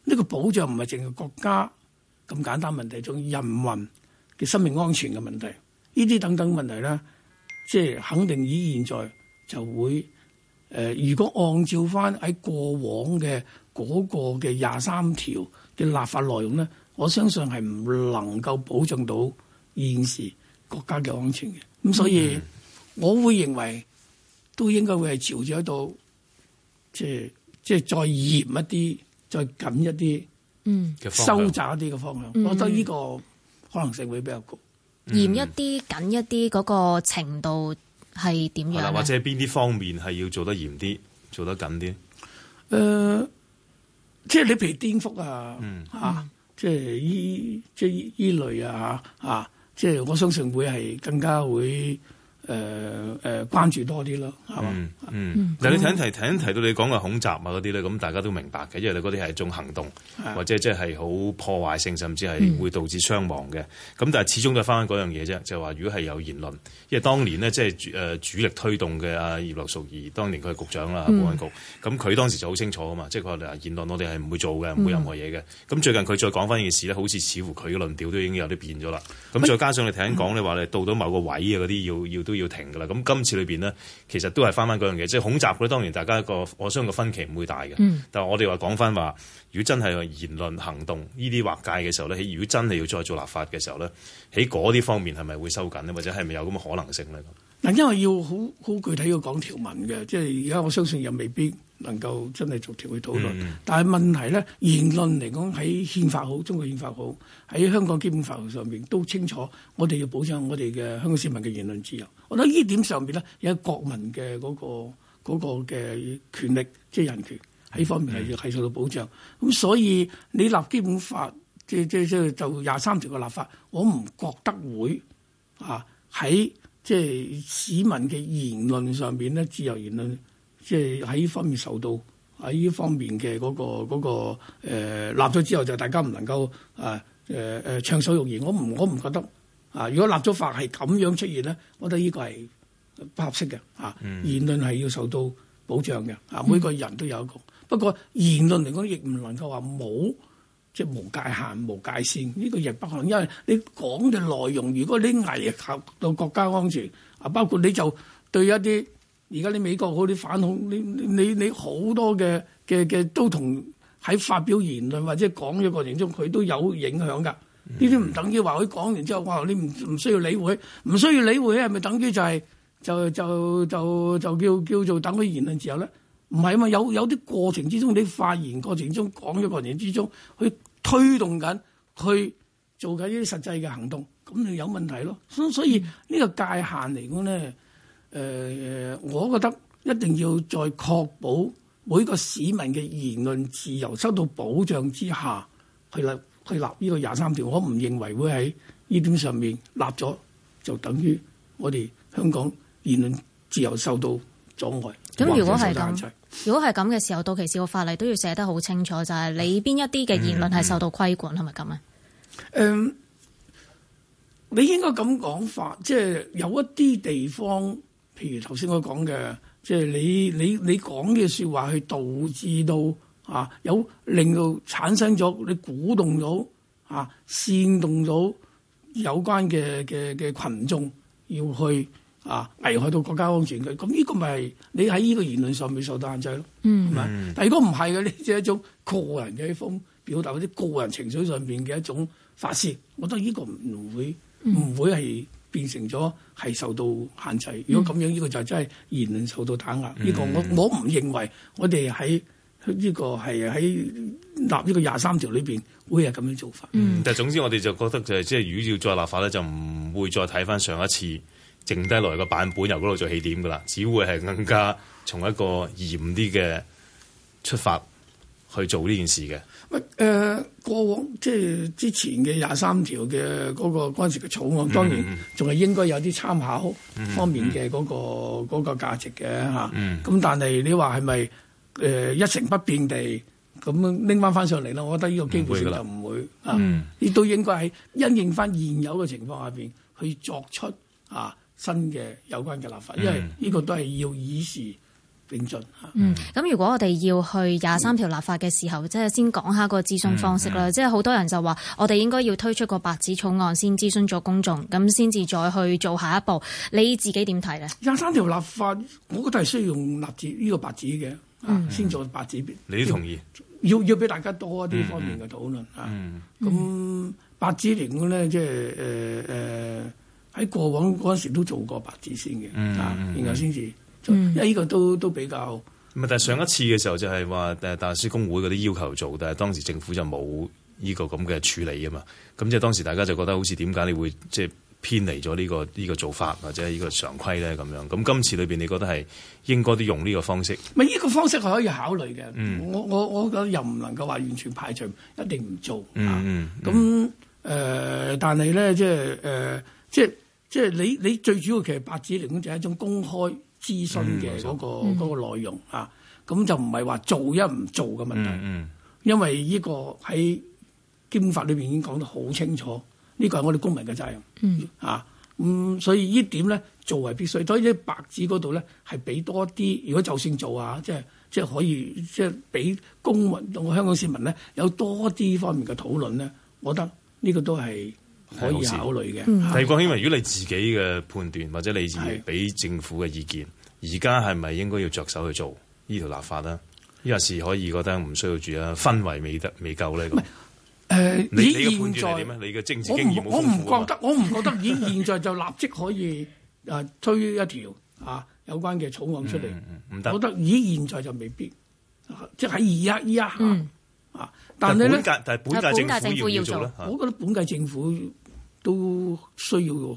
呢個保障唔係淨係國家咁簡單問題，仲人民嘅生命安全嘅問題，呢啲等等問題咧，即係肯定以現在就會誒、呃，如果按照翻喺過往嘅嗰、那個嘅廿三條嘅立法內容咧，我相信係唔能夠保障到現時國家嘅安全嘅。咁所以，我會認為都應該會係朝住喺度即係即係再嚴一啲。再緊一啲，嗯，收窄一啲嘅方向，嗯、我覺得呢個可能性會比較高。嚴、嗯、一啲，緊一啲嗰個程度係點樣？或者邊啲方面係要做得嚴啲，做得緊啲？誒、呃，即係你譬如顛覆啊，嗯啊，即係依即係依類啊啊，即係我相信會係更加會。誒誒、呃、關注多啲咯，係嘛嗎、嗯？嗯但、嗯、你頭先提頭先提到你講嘅恐襲啊嗰啲咧，咁大家都明白嘅，因為你嗰啲係一種行動，啊、或者即係好破壞性，甚至係會導致傷亡嘅。咁、嗯、但係始終都係翻嗰樣嘢啫，就話、係、如果係有言論，因為當年呢，即係誒主力推動嘅啊葉劉淑儀，當年佢係局長啦，保安局，咁佢、嗯、當時就好清楚啊嘛，即係佢話言論我哋係唔會做嘅，唔、嗯、會任何嘢嘅。咁最近佢再講翻呢件事咧，好似似乎佢嘅論調都已經有啲變咗啦。咁再加上你頭先講咧話你到到某個位啊嗰啲要要都。要停噶啦，咁今次裏邊呢，其實都係翻翻嗰樣嘢，即係恐襲咧。當然大家個我相信個分歧唔會大嘅，嗯、但係我哋話講翻話，如果真係言論行動呢啲劃界嘅時候咧，喺如果真係要再做立法嘅時候咧，喺嗰啲方面係咪會收緊呢？或者係咪有咁嘅可能性咧？嗱，因為要好好具體要講條文嘅，即係而家我相信又未必。能夠真係逐條去討論，嗯嗯、但係問題咧，言論嚟講喺憲法好，中國憲法好，喺香港基本法上面都清楚，我哋要保障我哋嘅香港市民嘅言論自由。我覺得呢點上面咧，有國民嘅嗰、嗰個嗰嘅、嗰個嗰個、權力，即係人權喺方面係要係受到保障。咁、嗯嗯、所以你立基本法，即即即就廿三條嘅立法，我唔覺得會啊喺即係市民嘅言論上面咧，自由言論。即係喺呢方面受到喺呢方面嘅嗰個、嗰個、呃、立咗之後，就大家唔能夠誒誒誒暢所欲言。我唔我唔覺得啊！如果立咗法係咁樣出現咧，我覺得呢個係不合適嘅啊！嗯、言論係要受到保障嘅啊！每個人都有一個。嗯、不過言論嚟講，亦唔能夠話冇即係無界限、無界線。呢個亦不可能，因為你講嘅內容，如果你危及到國家安全啊，包括你就對一啲。而家你美國好啲反恐，你你你好多嘅嘅嘅都同喺發表言論或者講嘅過程中，佢都有影響㗎。呢啲唔等於話佢講完之後，哇！你唔唔需要理會，唔需要理會咧，係咪等於就係、是、就就就就叫叫做等佢言論自由咧？唔係啊嘛，有有啲過程之中，你發言過程中，講嘅過程之中，去推動緊，去做緊啲實際嘅行動，咁就有問題咯。所所以呢個界限嚟講咧。誒、呃，我覺得一定要再確保每個市民嘅言論自由受到保障之下去立去立呢個廿三條，我唔認為會喺呢點上面立咗就等於我哋香港言論自由受到阻礙。咁如果係咁，如果係咁嘅時候，到期時個法例都要寫得好清楚，就係、是、你邊一啲嘅言論係受到規管，係咪咁啊？嗯，是是這樣呃、你應該咁講法，即係有一啲地方。譬如頭先我講嘅，即係你你你講嘅説話，係導致到啊有令到產生咗你鼓動到啊煽動到有關嘅嘅嘅羣眾要去啊危害到國家安全嘅，咁呢個咪係你喺呢個言論上面受到限制咯，係咪、嗯？但係如果唔係嘅，呢即係一種個人嘅風表達或者個人情緒上邊嘅一種發泄，我覺得呢個唔會、嗯、唔會係。變成咗係受到限制，如果咁樣呢、嗯、個就真係言論受到打壓。呢、嗯、個我我唔認為，我哋喺呢個係喺立呢個廿三條裏邊會係咁樣做法。嗯、但係總之我哋就覺得就係即係如果要再立法咧，就唔會再睇翻上一次剩低落嚟個版本，由嗰度做起點噶啦，只會係更加從一個嚴啲嘅出發。去做呢件事嘅、呃，誒過往即係之前嘅廿三條嘅嗰個嗰陣時嘅草案，當然仲係應該有啲參考方面嘅嗰、嗰個嗰個、嗯嗯嗯、價值嘅嚇。咁、啊嗯、但係你話，係咪誒一成不變地咁樣拎翻翻上嚟啦，我覺得呢個基本上就唔會，、嗯、會啊。亦、嗯、都應該係因應翻現有嘅情況下邊去作出啊新嘅有關嘅立法，因為呢個都係要以示。永進。嗯，咁如果我哋要去廿三條立法嘅時候，即係先講下個諮詢方式啦。即係好多人就話，我哋應該要推出個白紙草案先諮詢咗公眾，咁先至再去做下一步。你自己點睇呢？廿三條立法，我覺得係需要用白紙呢個白紙嘅先做白紙。你都同意？要要俾大家多一啲方面嘅討論啊。咁白紙嚟講呢，即係誒誒喺過往嗰陣時都做過白紙先嘅啊，然後先至。嗯、因為呢個都都比較唔係、嗯，但係上一次嘅時候就係話誒，大師公會嗰啲要求做，但係當時政府就冇呢個咁嘅處理啊嘛。咁即係當時大家就覺得好似點解你會即係、就是、偏離咗呢個呢、這個做法或者係呢個常規咧咁樣。咁今次裏邊你覺得係應該都用呢個方式？係呢、這個方式係可以考慮嘅。嗯、我我我覺得又唔能夠話完全排除，一定唔做。咁誒、呃，但係咧即係誒，即係即係你你最主要其實白紙嚟講就係一種公開。諮詢嘅嗰、嗰個嗰、嗯、個內容、嗯、啊，咁就唔係話做一唔做嘅問題，嗯嗯、因為呢個喺基本法裏面已經講得好清楚，呢、呢個係我哋公民嘅責任、嗯、啊，咁、嗯、所以點呢點咧做係必須，所以白紙嗰度咧係俾多啲，如果就算做啊，即係即係可以即係俾公民同香港市民咧有多啲方面嘅討論咧，我覺得呢個都係。可以考慮嘅。第二個，因為如果你自己嘅判斷，或者你自己俾政府嘅意見，而家係咪應該要着手去做呢條立法呢？呢個事可以覺得唔需要住啦，氛圍未得未夠呢。咁誒，你嘅判斷係點呢？你嘅政治經驗好豐富啊嘛。我唔覺得，我唔覺得，以現在就立即可以啊推一條啊有關嘅草案出嚟。唔得，覺得以現在就未必，即喺二一一下啊。但你呢？但本屆政府要做咧，我覺得本屆政府。都需要佢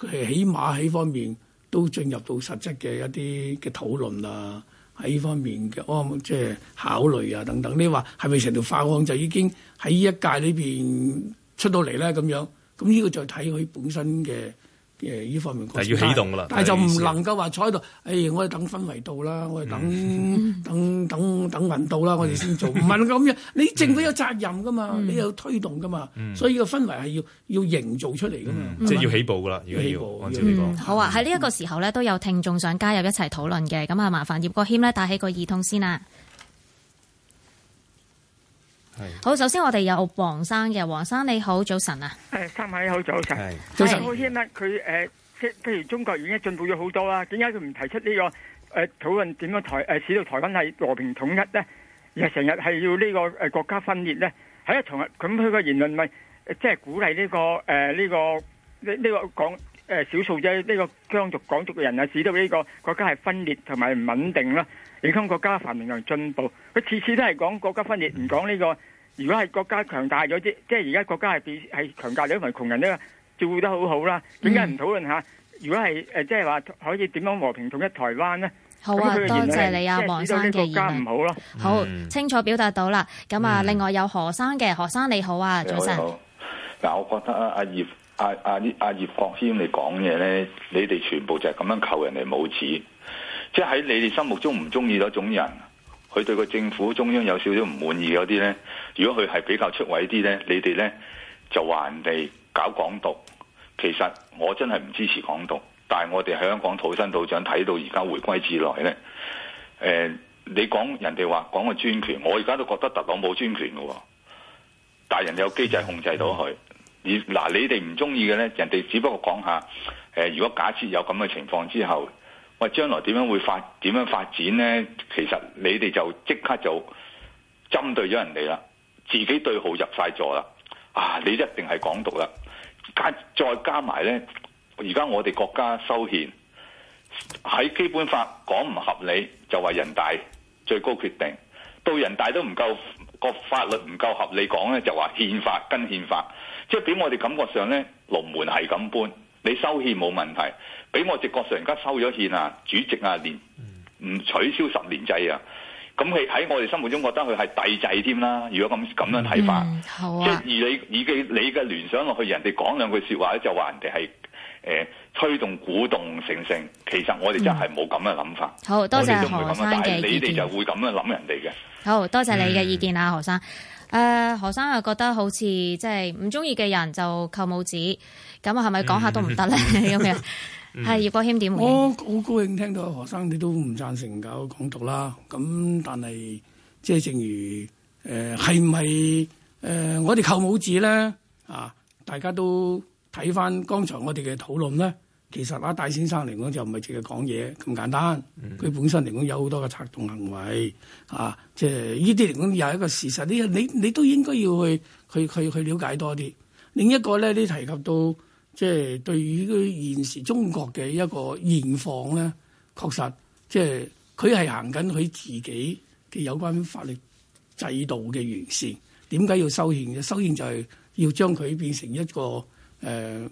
係起碼喺方面都進入到實質嘅一啲嘅討論啊，喺呢方面嘅我即係考慮啊等等。你話係咪成條法案就已經喺呢一屆裡面來呢邊出到嚟咧？咁樣咁，呢個就睇佢本身嘅。誒呢方面要起動噶啦，但係就唔能夠話坐喺度，誒我哋等氛圍到啦，我哋等等等等氛圍到啦，我哋先做，唔係咁樣。你政府有責任噶嘛，你有推動噶嘛，所以個氛圍係要要營造出嚟噶嘛，即係要起步噶啦，而家要。要起步，按照你講，好啊，喺呢一個時候咧，都有聽眾想加入一齊討論嘅，咁啊，麻煩葉國謙呢，戴起個耳筒先啦。係是好，首先我哋有黃生嘅，黃生你好，早晨啊！誒，三位好，早晨，係好謙啦。佢誒，即係譬如中國已經進步咗好多啦，點解佢唔提出呢、這個誒討論點樣台誒使到台灣係和平統一咧？又成日係要呢個誒國家分裂咧？係啊，同啊、這個，咁、呃、佢、個言論咪即係鼓勵呢個誒呢個呢呢個講誒少數啫，呢個疆族、港族嘅人啊，使到呢個國家係分裂同埋唔穩定啦，影響國家繁榮同進步。佢次次都係講國家分裂，唔講呢個。如果係國家強大咗啲，即係而家國家係係強大咗，同窮人都照顧得好好啦。點解唔討論下？如果係誒，即係話可以點樣和平統一台灣呢？好啊，多謝你啊，黃生嘅意見。好清楚表達到啦。咁啊，另外有何生嘅何生你好啊，早晨。好。嗱，我覺得啊，葉。阿阿葉阿葉國謙你講嘢呢，你哋全部就係咁樣求人哋母子，即係喺你哋心目中唔中意嗰種人，佢對個政府中央有少少唔滿意嗰啲呢。如果佢係比較出位啲呢，你哋呢就話人哋搞港獨，其實我真係唔支持港獨，但係我哋喺香港土生土長，睇到而家回歸之內呢。你講人哋話講個專權，我而家都覺得特朗普冇專權噶，但係人哋有機制控制到佢。嗱，你哋唔中意嘅呢，人哋只不過講下，誒，如果假設有咁嘅情況之後，喂，將來點樣會發點樣發展呢？其實你哋就即刻就針對咗人哋啦，自己對號入晒座啦，啊，你一定係港獨啦！加再加埋呢，而家我哋國家修憲，喺基本法講唔合理就話人大最高決定，到人大都唔夠，個法律唔夠合理講呢，就話憲法跟憲法。即係俾我哋感覺上咧，龍門係咁搬，你收錢冇問題。俾我直覺上，而家收咗錢啊，主席啊，連唔、嗯、取消十年制啊，咁佢喺我哋心目中覺得佢係弟仔添啦。如果咁咁樣睇法，嗯啊、即而你而你嘅聯想落去，人哋講兩句話說話咧，就話人哋係推動鼓動成成，其實我哋就係冇咁嘅諗法。嗯、好多謝何生嘅意見，但係你哋就會咁樣諗人哋嘅。好多謝你嘅意見、嗯、啊，何生。誒、呃，何生又覺得好似即係唔中意嘅人就扣拇指，咁啊，係咪講下都唔得咧？咁樣係葉國謙點回應？我好高興聽到何生你都唔贊成搞港獨啦。咁但係即係正如誒係唔係誒我哋扣拇指咧？啊，大家都睇翻剛才我哋嘅討論咧。其實阿戴先生嚟講就唔係淨係講嘢咁簡單，佢本身嚟講有好多嘅策動行為、嗯、啊，即係呢啲嚟講又係一個事實呢，你你都應該要去去去去瞭解多啲。另一個咧，你提及到即係、就是、對於現時中國嘅一個現況咧，確實即係佢係行緊佢自己嘅有關法律制度嘅完善，點解要修憲嘅？修憲就係要將佢變成一個。誒誒、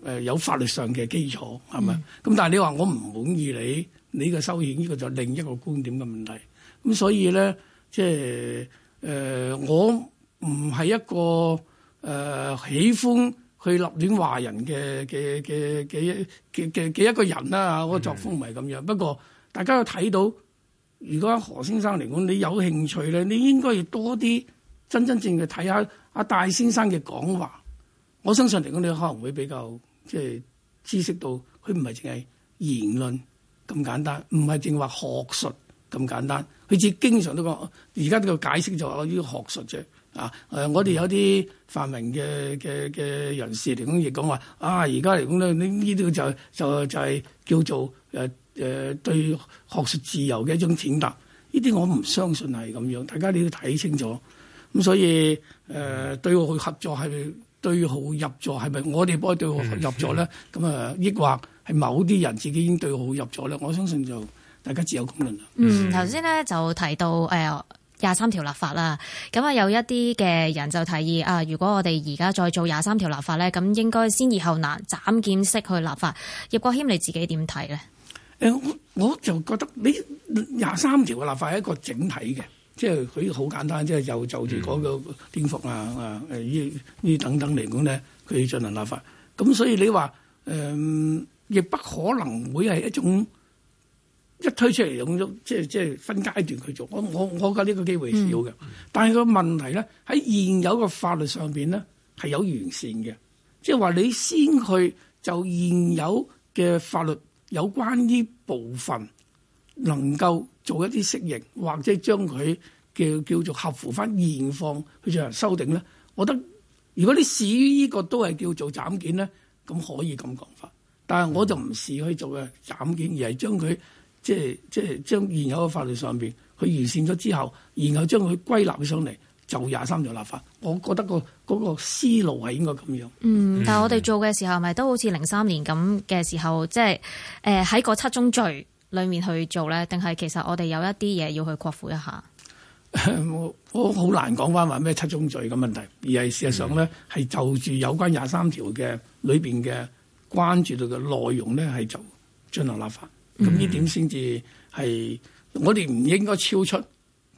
呃、有法律上嘅基礎，係咪？咁、嗯、但你話我唔滿意你，你嘅修現呢個就另一個觀點嘅問題。咁、嗯、所以咧，即係誒我唔係一個誒、呃、喜歡去立亂話人嘅嘅嘅嘅嘅嘅嘅一個人啦、啊、我個作風唔係咁樣。嗯、不過大家要睇到，如果何先生嚟講，你有興趣咧，你應該要多啲真真正正睇下阿戴先生嘅講話我相信嚟講，你可能會比較即係知識到，佢唔係淨係言論咁簡單，唔係淨係話學術咁簡單。佢自己經常都講，而家嘅解釋就話呢個學術啫、呃。啊，誒，我哋有啲泛民嘅嘅嘅人士嚟講，亦講話啊，而家嚟講咧，呢呢啲就就就係叫做誒誒對學術自由嘅一種踐踏。呢啲我唔相信係咁樣，大家你要睇清楚。咁所以誒、呃，對外合作係。對號入座係咪？是是我哋幫對號入座咧，咁啊，抑或係某啲人自己已經對號入座咧？我相信就大家自有公論啦。嗯，頭先呢就提到誒廿三條立法啦，咁啊有一啲嘅人就提議啊、呃，如果我哋而家再做廿三條立法咧，咁應該先易後難，斬件式去立法。葉國謙你自己點睇咧？我就覺得你廿三條嘅立法係一個整體嘅。即係佢好簡單，即係又就住嗰個顛覆啊啊，依、啊、依等等嚟講咧，佢進行立法。咁所以你話誒、呃，亦不可能會係一種一推出嚟咁樣，即係即係分階段去做。我我我覺得呢個機會係少嘅。嗯、但係個問題咧，喺現有嘅法律上邊咧係有完善嘅，即係話你先去就現有嘅法律有關呢部分。能夠做一啲適應，或者將佢叫叫做合符翻現況去做修訂咧，我覺得如果你事於呢個都係叫做斬件咧，咁可以咁講法。但係我就唔試去做嘅斬件，而係將佢即係即係將現有嘅法律上邊去完善咗之後，然後將佢歸納上嚟，就廿三條立法。我覺得個嗰個思路係應該咁樣。嗯，但係我哋做嘅時候，係咪都好似零三年咁嘅時候，即係誒喺個七宗罪，裏面去做咧，定係其實我哋有一啲嘢要去擴闊一下。我我好難講翻話咩七宗罪嘅問題，而係事實上咧，係就住有關廿三條嘅裏邊嘅關注到嘅內容咧，係就進行立法。咁呢、嗯、點先至係我哋唔應該超出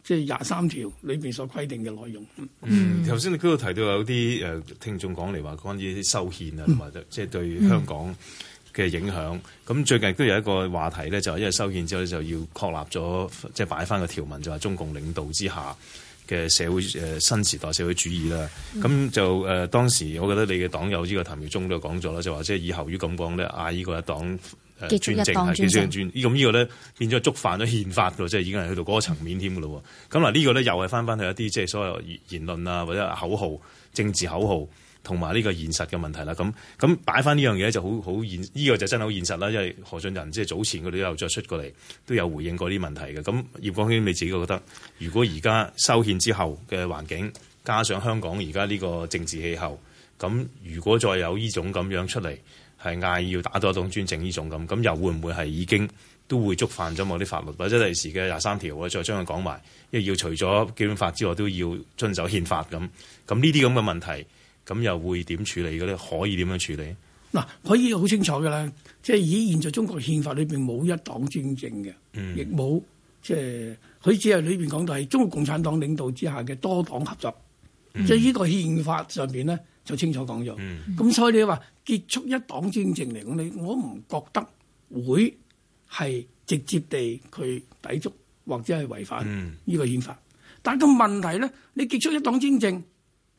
即係廿三條裏邊所規定嘅內容。嗯，頭先、嗯、你嗰度提到有啲誒聽眾講嚟話關於啲修憲啊，或者即係對香港。嗯嘅影響，咁最近都有一個話題咧，就是、因為修憲之後咧，就要確立咗，即、就、係、是、擺翻個條文，就話、是、中共領導之下嘅社會新時代社會主義啦。咁、嗯、就誒、呃、當時我覺得你嘅黨友呢、這個譚耀宗都講咗啦，就話即係以後於咁講咧，啊依、這個一黨誒專政啊，決專政。咁呢、這個咧變咗觸犯咗憲法喎，即、就、係、是、已經係去到嗰個層面添㗎咯。咁嗱、嗯，呢個咧又係翻翻去一啲即係所謂言論啊，或者口號、政治口號。同埋呢個現實嘅問題啦，咁咁擺翻呢樣嘢就好好現，呢個就真係好現實啦。因為何俊仁即係早前佢都有再出過嚟，都有回應過呢啲問題嘅。咁葉國謙你自己覺得，如果而家修憲之後嘅環境，加上香港而家呢個政治氣候，咁如果再有呢種咁樣出嚟，係嗌要打倒一黨專政呢種咁，咁又會唔會係已經都會觸犯咗某啲法律，或者第時嘅廿三條我再將佢講埋，因為要除咗基本法之外都要遵守憲法咁咁呢啲咁嘅問題。咁又會點處理嘅咧？可以點樣處理？嗱、啊，可以好清楚嘅咧，即係以現在中國憲法裏面冇一黨專政嘅，亦冇即係佢只係裏面講到係中國共產黨領導之下嘅多黨合作。即係呢個憲法上面咧就清楚講咗。咁、嗯、所以你話結束一黨專政嚟，我唔覺得會係直接地去抵觸或者係違反呢個憲法。嗯、但個問題咧，你結束一黨專政。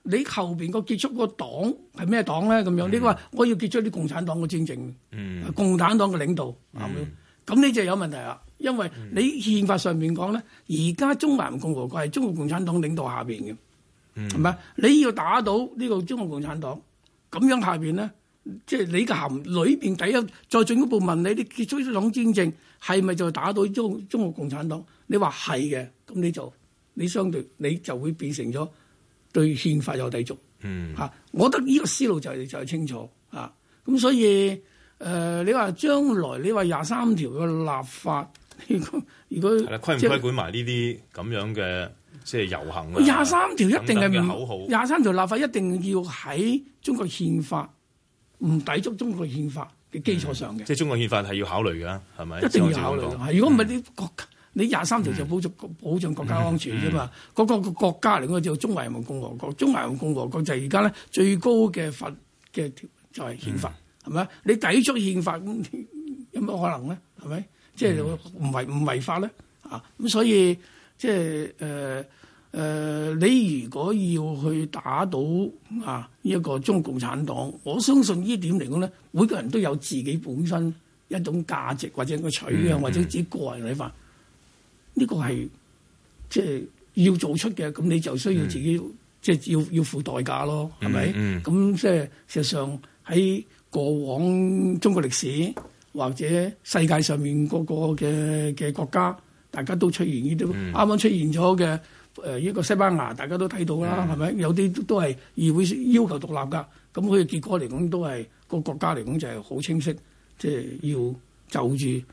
你後面個結束個黨係咩黨咧？咁樣、mm. 你話我要結束啲共產黨嘅專政，mm. 共產黨嘅領導咁你、mm. 就有問題啦。因為你憲法上面講咧，而家中華共和國係中國共產黨領導下面嘅，係咪、mm.？你要打倒呢個中國共產黨咁樣下面咧，即、就、係、是、你嘅含裏面第一再進一步問你，你結束啲黨專政係咪就打倒中中國共產黨？你話係嘅，咁你就你相對你就會變成咗。對憲法有抵觸，嚇、嗯啊！我覺得呢個思路就係、就係、是、清楚嚇。咁、啊、所以誒、呃，你話將來你話廿三條嘅立法，如果如果規唔規管埋呢啲咁樣嘅即係遊行嘅，廿三條一定係唔廿三條立法一定要喺中國憲法唔抵觸中國憲法嘅基礎上嘅、嗯。即係中國憲法係要考慮嘅，係咪？一定要考慮㗎。如果唔係你國。嗯你廿三條就保障、嗯、保障國家安全啫嘛？嗰個、嗯嗯、個國家嚟講就中華人民共和國。中華人民共和國就係而家咧最高嘅法嘅條就係、是、憲法，係咪、嗯？你抵觸憲法咁有乜可能咧？係咪？即係唔違唔違法咧？啊咁，所以即係誒誒，你如果要去打倒啊呢一個中共產黨，我相信這點來呢點嚟講咧，每個人都有自己本身一種價值或者個取向、嗯、或者自己個人睇法。呢個係即係要做出嘅，咁你就需要自己即係、嗯、要要付代價咯，係咪、嗯？咁即係事實上喺過往中國歷史或者世界上面各個嘅嘅國家，大家都出現呢啲啱啱出現咗嘅誒一個西班牙，大家都睇到啦，係咪、嗯？有啲都係議會要求獨立噶，咁佢嘅結果嚟講都係、個國家嚟講就係好清晰，即、就、係、係、要就住。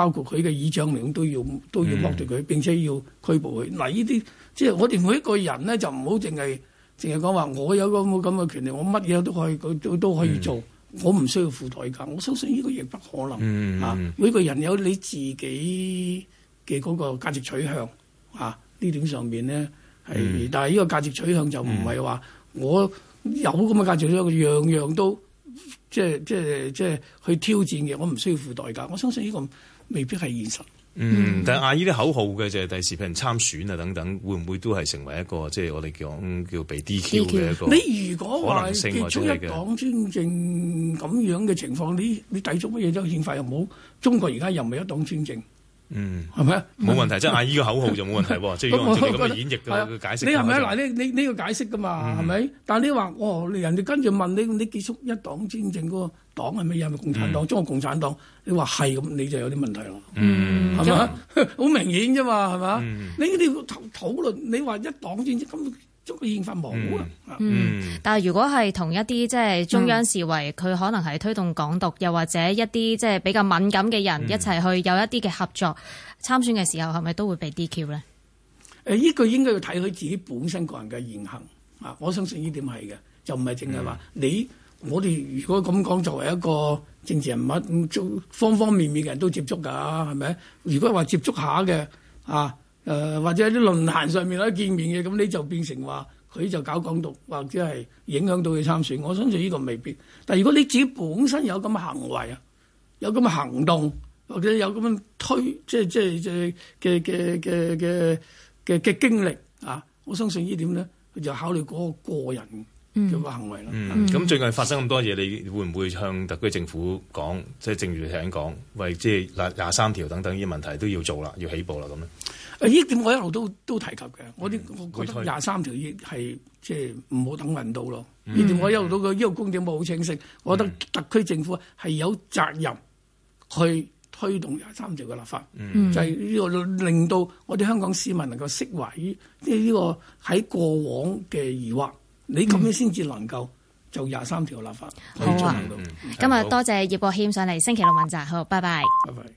包括佢嘅議長名都要都要剝奪佢，並且要拘捕佢。嗱、嗯，呢啲即係我哋每一個人咧，就唔好淨係淨係講話。我有個咁嘅權力，我乜嘢都可以，都都可以做，嗯、我唔需要付代價。我相信呢個亦不可能嚇、嗯嗯啊。每個人有你自己嘅嗰個價值取向啊，呢點上面咧係，是嗯、但係呢個價值取向就唔係話我有咁嘅價值取向，樣樣都即係即係即係去挑戰嘅，我唔需要付代價，我相信呢、這個。未必係現實，嗯，嗯但係阿姨啲口號嘅就係第時俾人參選啊，等等，會唔會都係成為一個即係、就是、我哋講叫、嗯、叫被 D Q 嘅一個？你如果話結束一黨專政咁樣嘅情況，你你抵觸乜嘢都憲法又冇？中國而家又唔係一黨專政。嗯，係咪啊？冇問題，即係 [LAUGHS] 阿姨個口號就冇問題喎。即係如果做咁嘅演繹嘅解釋，你係咪嗱，你你你要解釋噶嘛，係咪、嗯？但係你話，哦，人哋跟住問你，你結束一黨專政嗰個黨係咩咪共產黨？嗯、中國共產黨？你話係咁，你就有啲問題咯。嗯，係咪吧？好的 [LAUGHS] 明顯啫嘛，係咪、嗯？你呢啲討討論，你話一黨專政咁。中國憲法冇啊嗯！嗯，但係如果係同一啲即係中央視為佢、嗯、可能係推動港獨，又或者一啲即係比較敏感嘅人一齊去、嗯、有一啲嘅合作參選嘅時候，係咪都會被 DQ 呢？誒，呢個應該要睇佢自己本身個人嘅言行啊！我相信呢點係嘅，就唔係淨係話你。嗯、我哋如果咁講，作為一個政治人物，方方面面嘅人都接觸噶，係咪？如果話接觸下嘅啊？誒、呃、或者喺啲論壇上面或者見面嘅，咁你就變成話佢就搞港獨，或者係影響到佢參選。我相信呢個未必。但如果你自己本身有咁嘅行為啊，有咁嘅行動，或者有咁樣推，即係即係嘅嘅嘅嘅嘅嘅經歷啊，我相信呢點呢點咧，就考慮嗰個個人嘅行為啦。咁最近發生咁多嘢，你會唔會向特區政府講？即係正如聽講，為即係廿廿三條等等呢啲問題都要做啦，要起步啦咁咧。呢點我一路都都提及嘅，我啲我覺得廿三條亦係即係唔好等運到咯。呢、嗯、點我一路都、嗯、個呢個觀點我好清晰，嗯、我覺得特區政府係有責任去推動廿三條嘅立法，嗯、就係呢個令到我哋香港市民能夠釋懷於呢個喺過往嘅疑惑，嗯、你咁樣先至能夠就廿三條立法去進行到。今日多謝葉國謙上嚟星期六問責，好，bye bye 拜拜。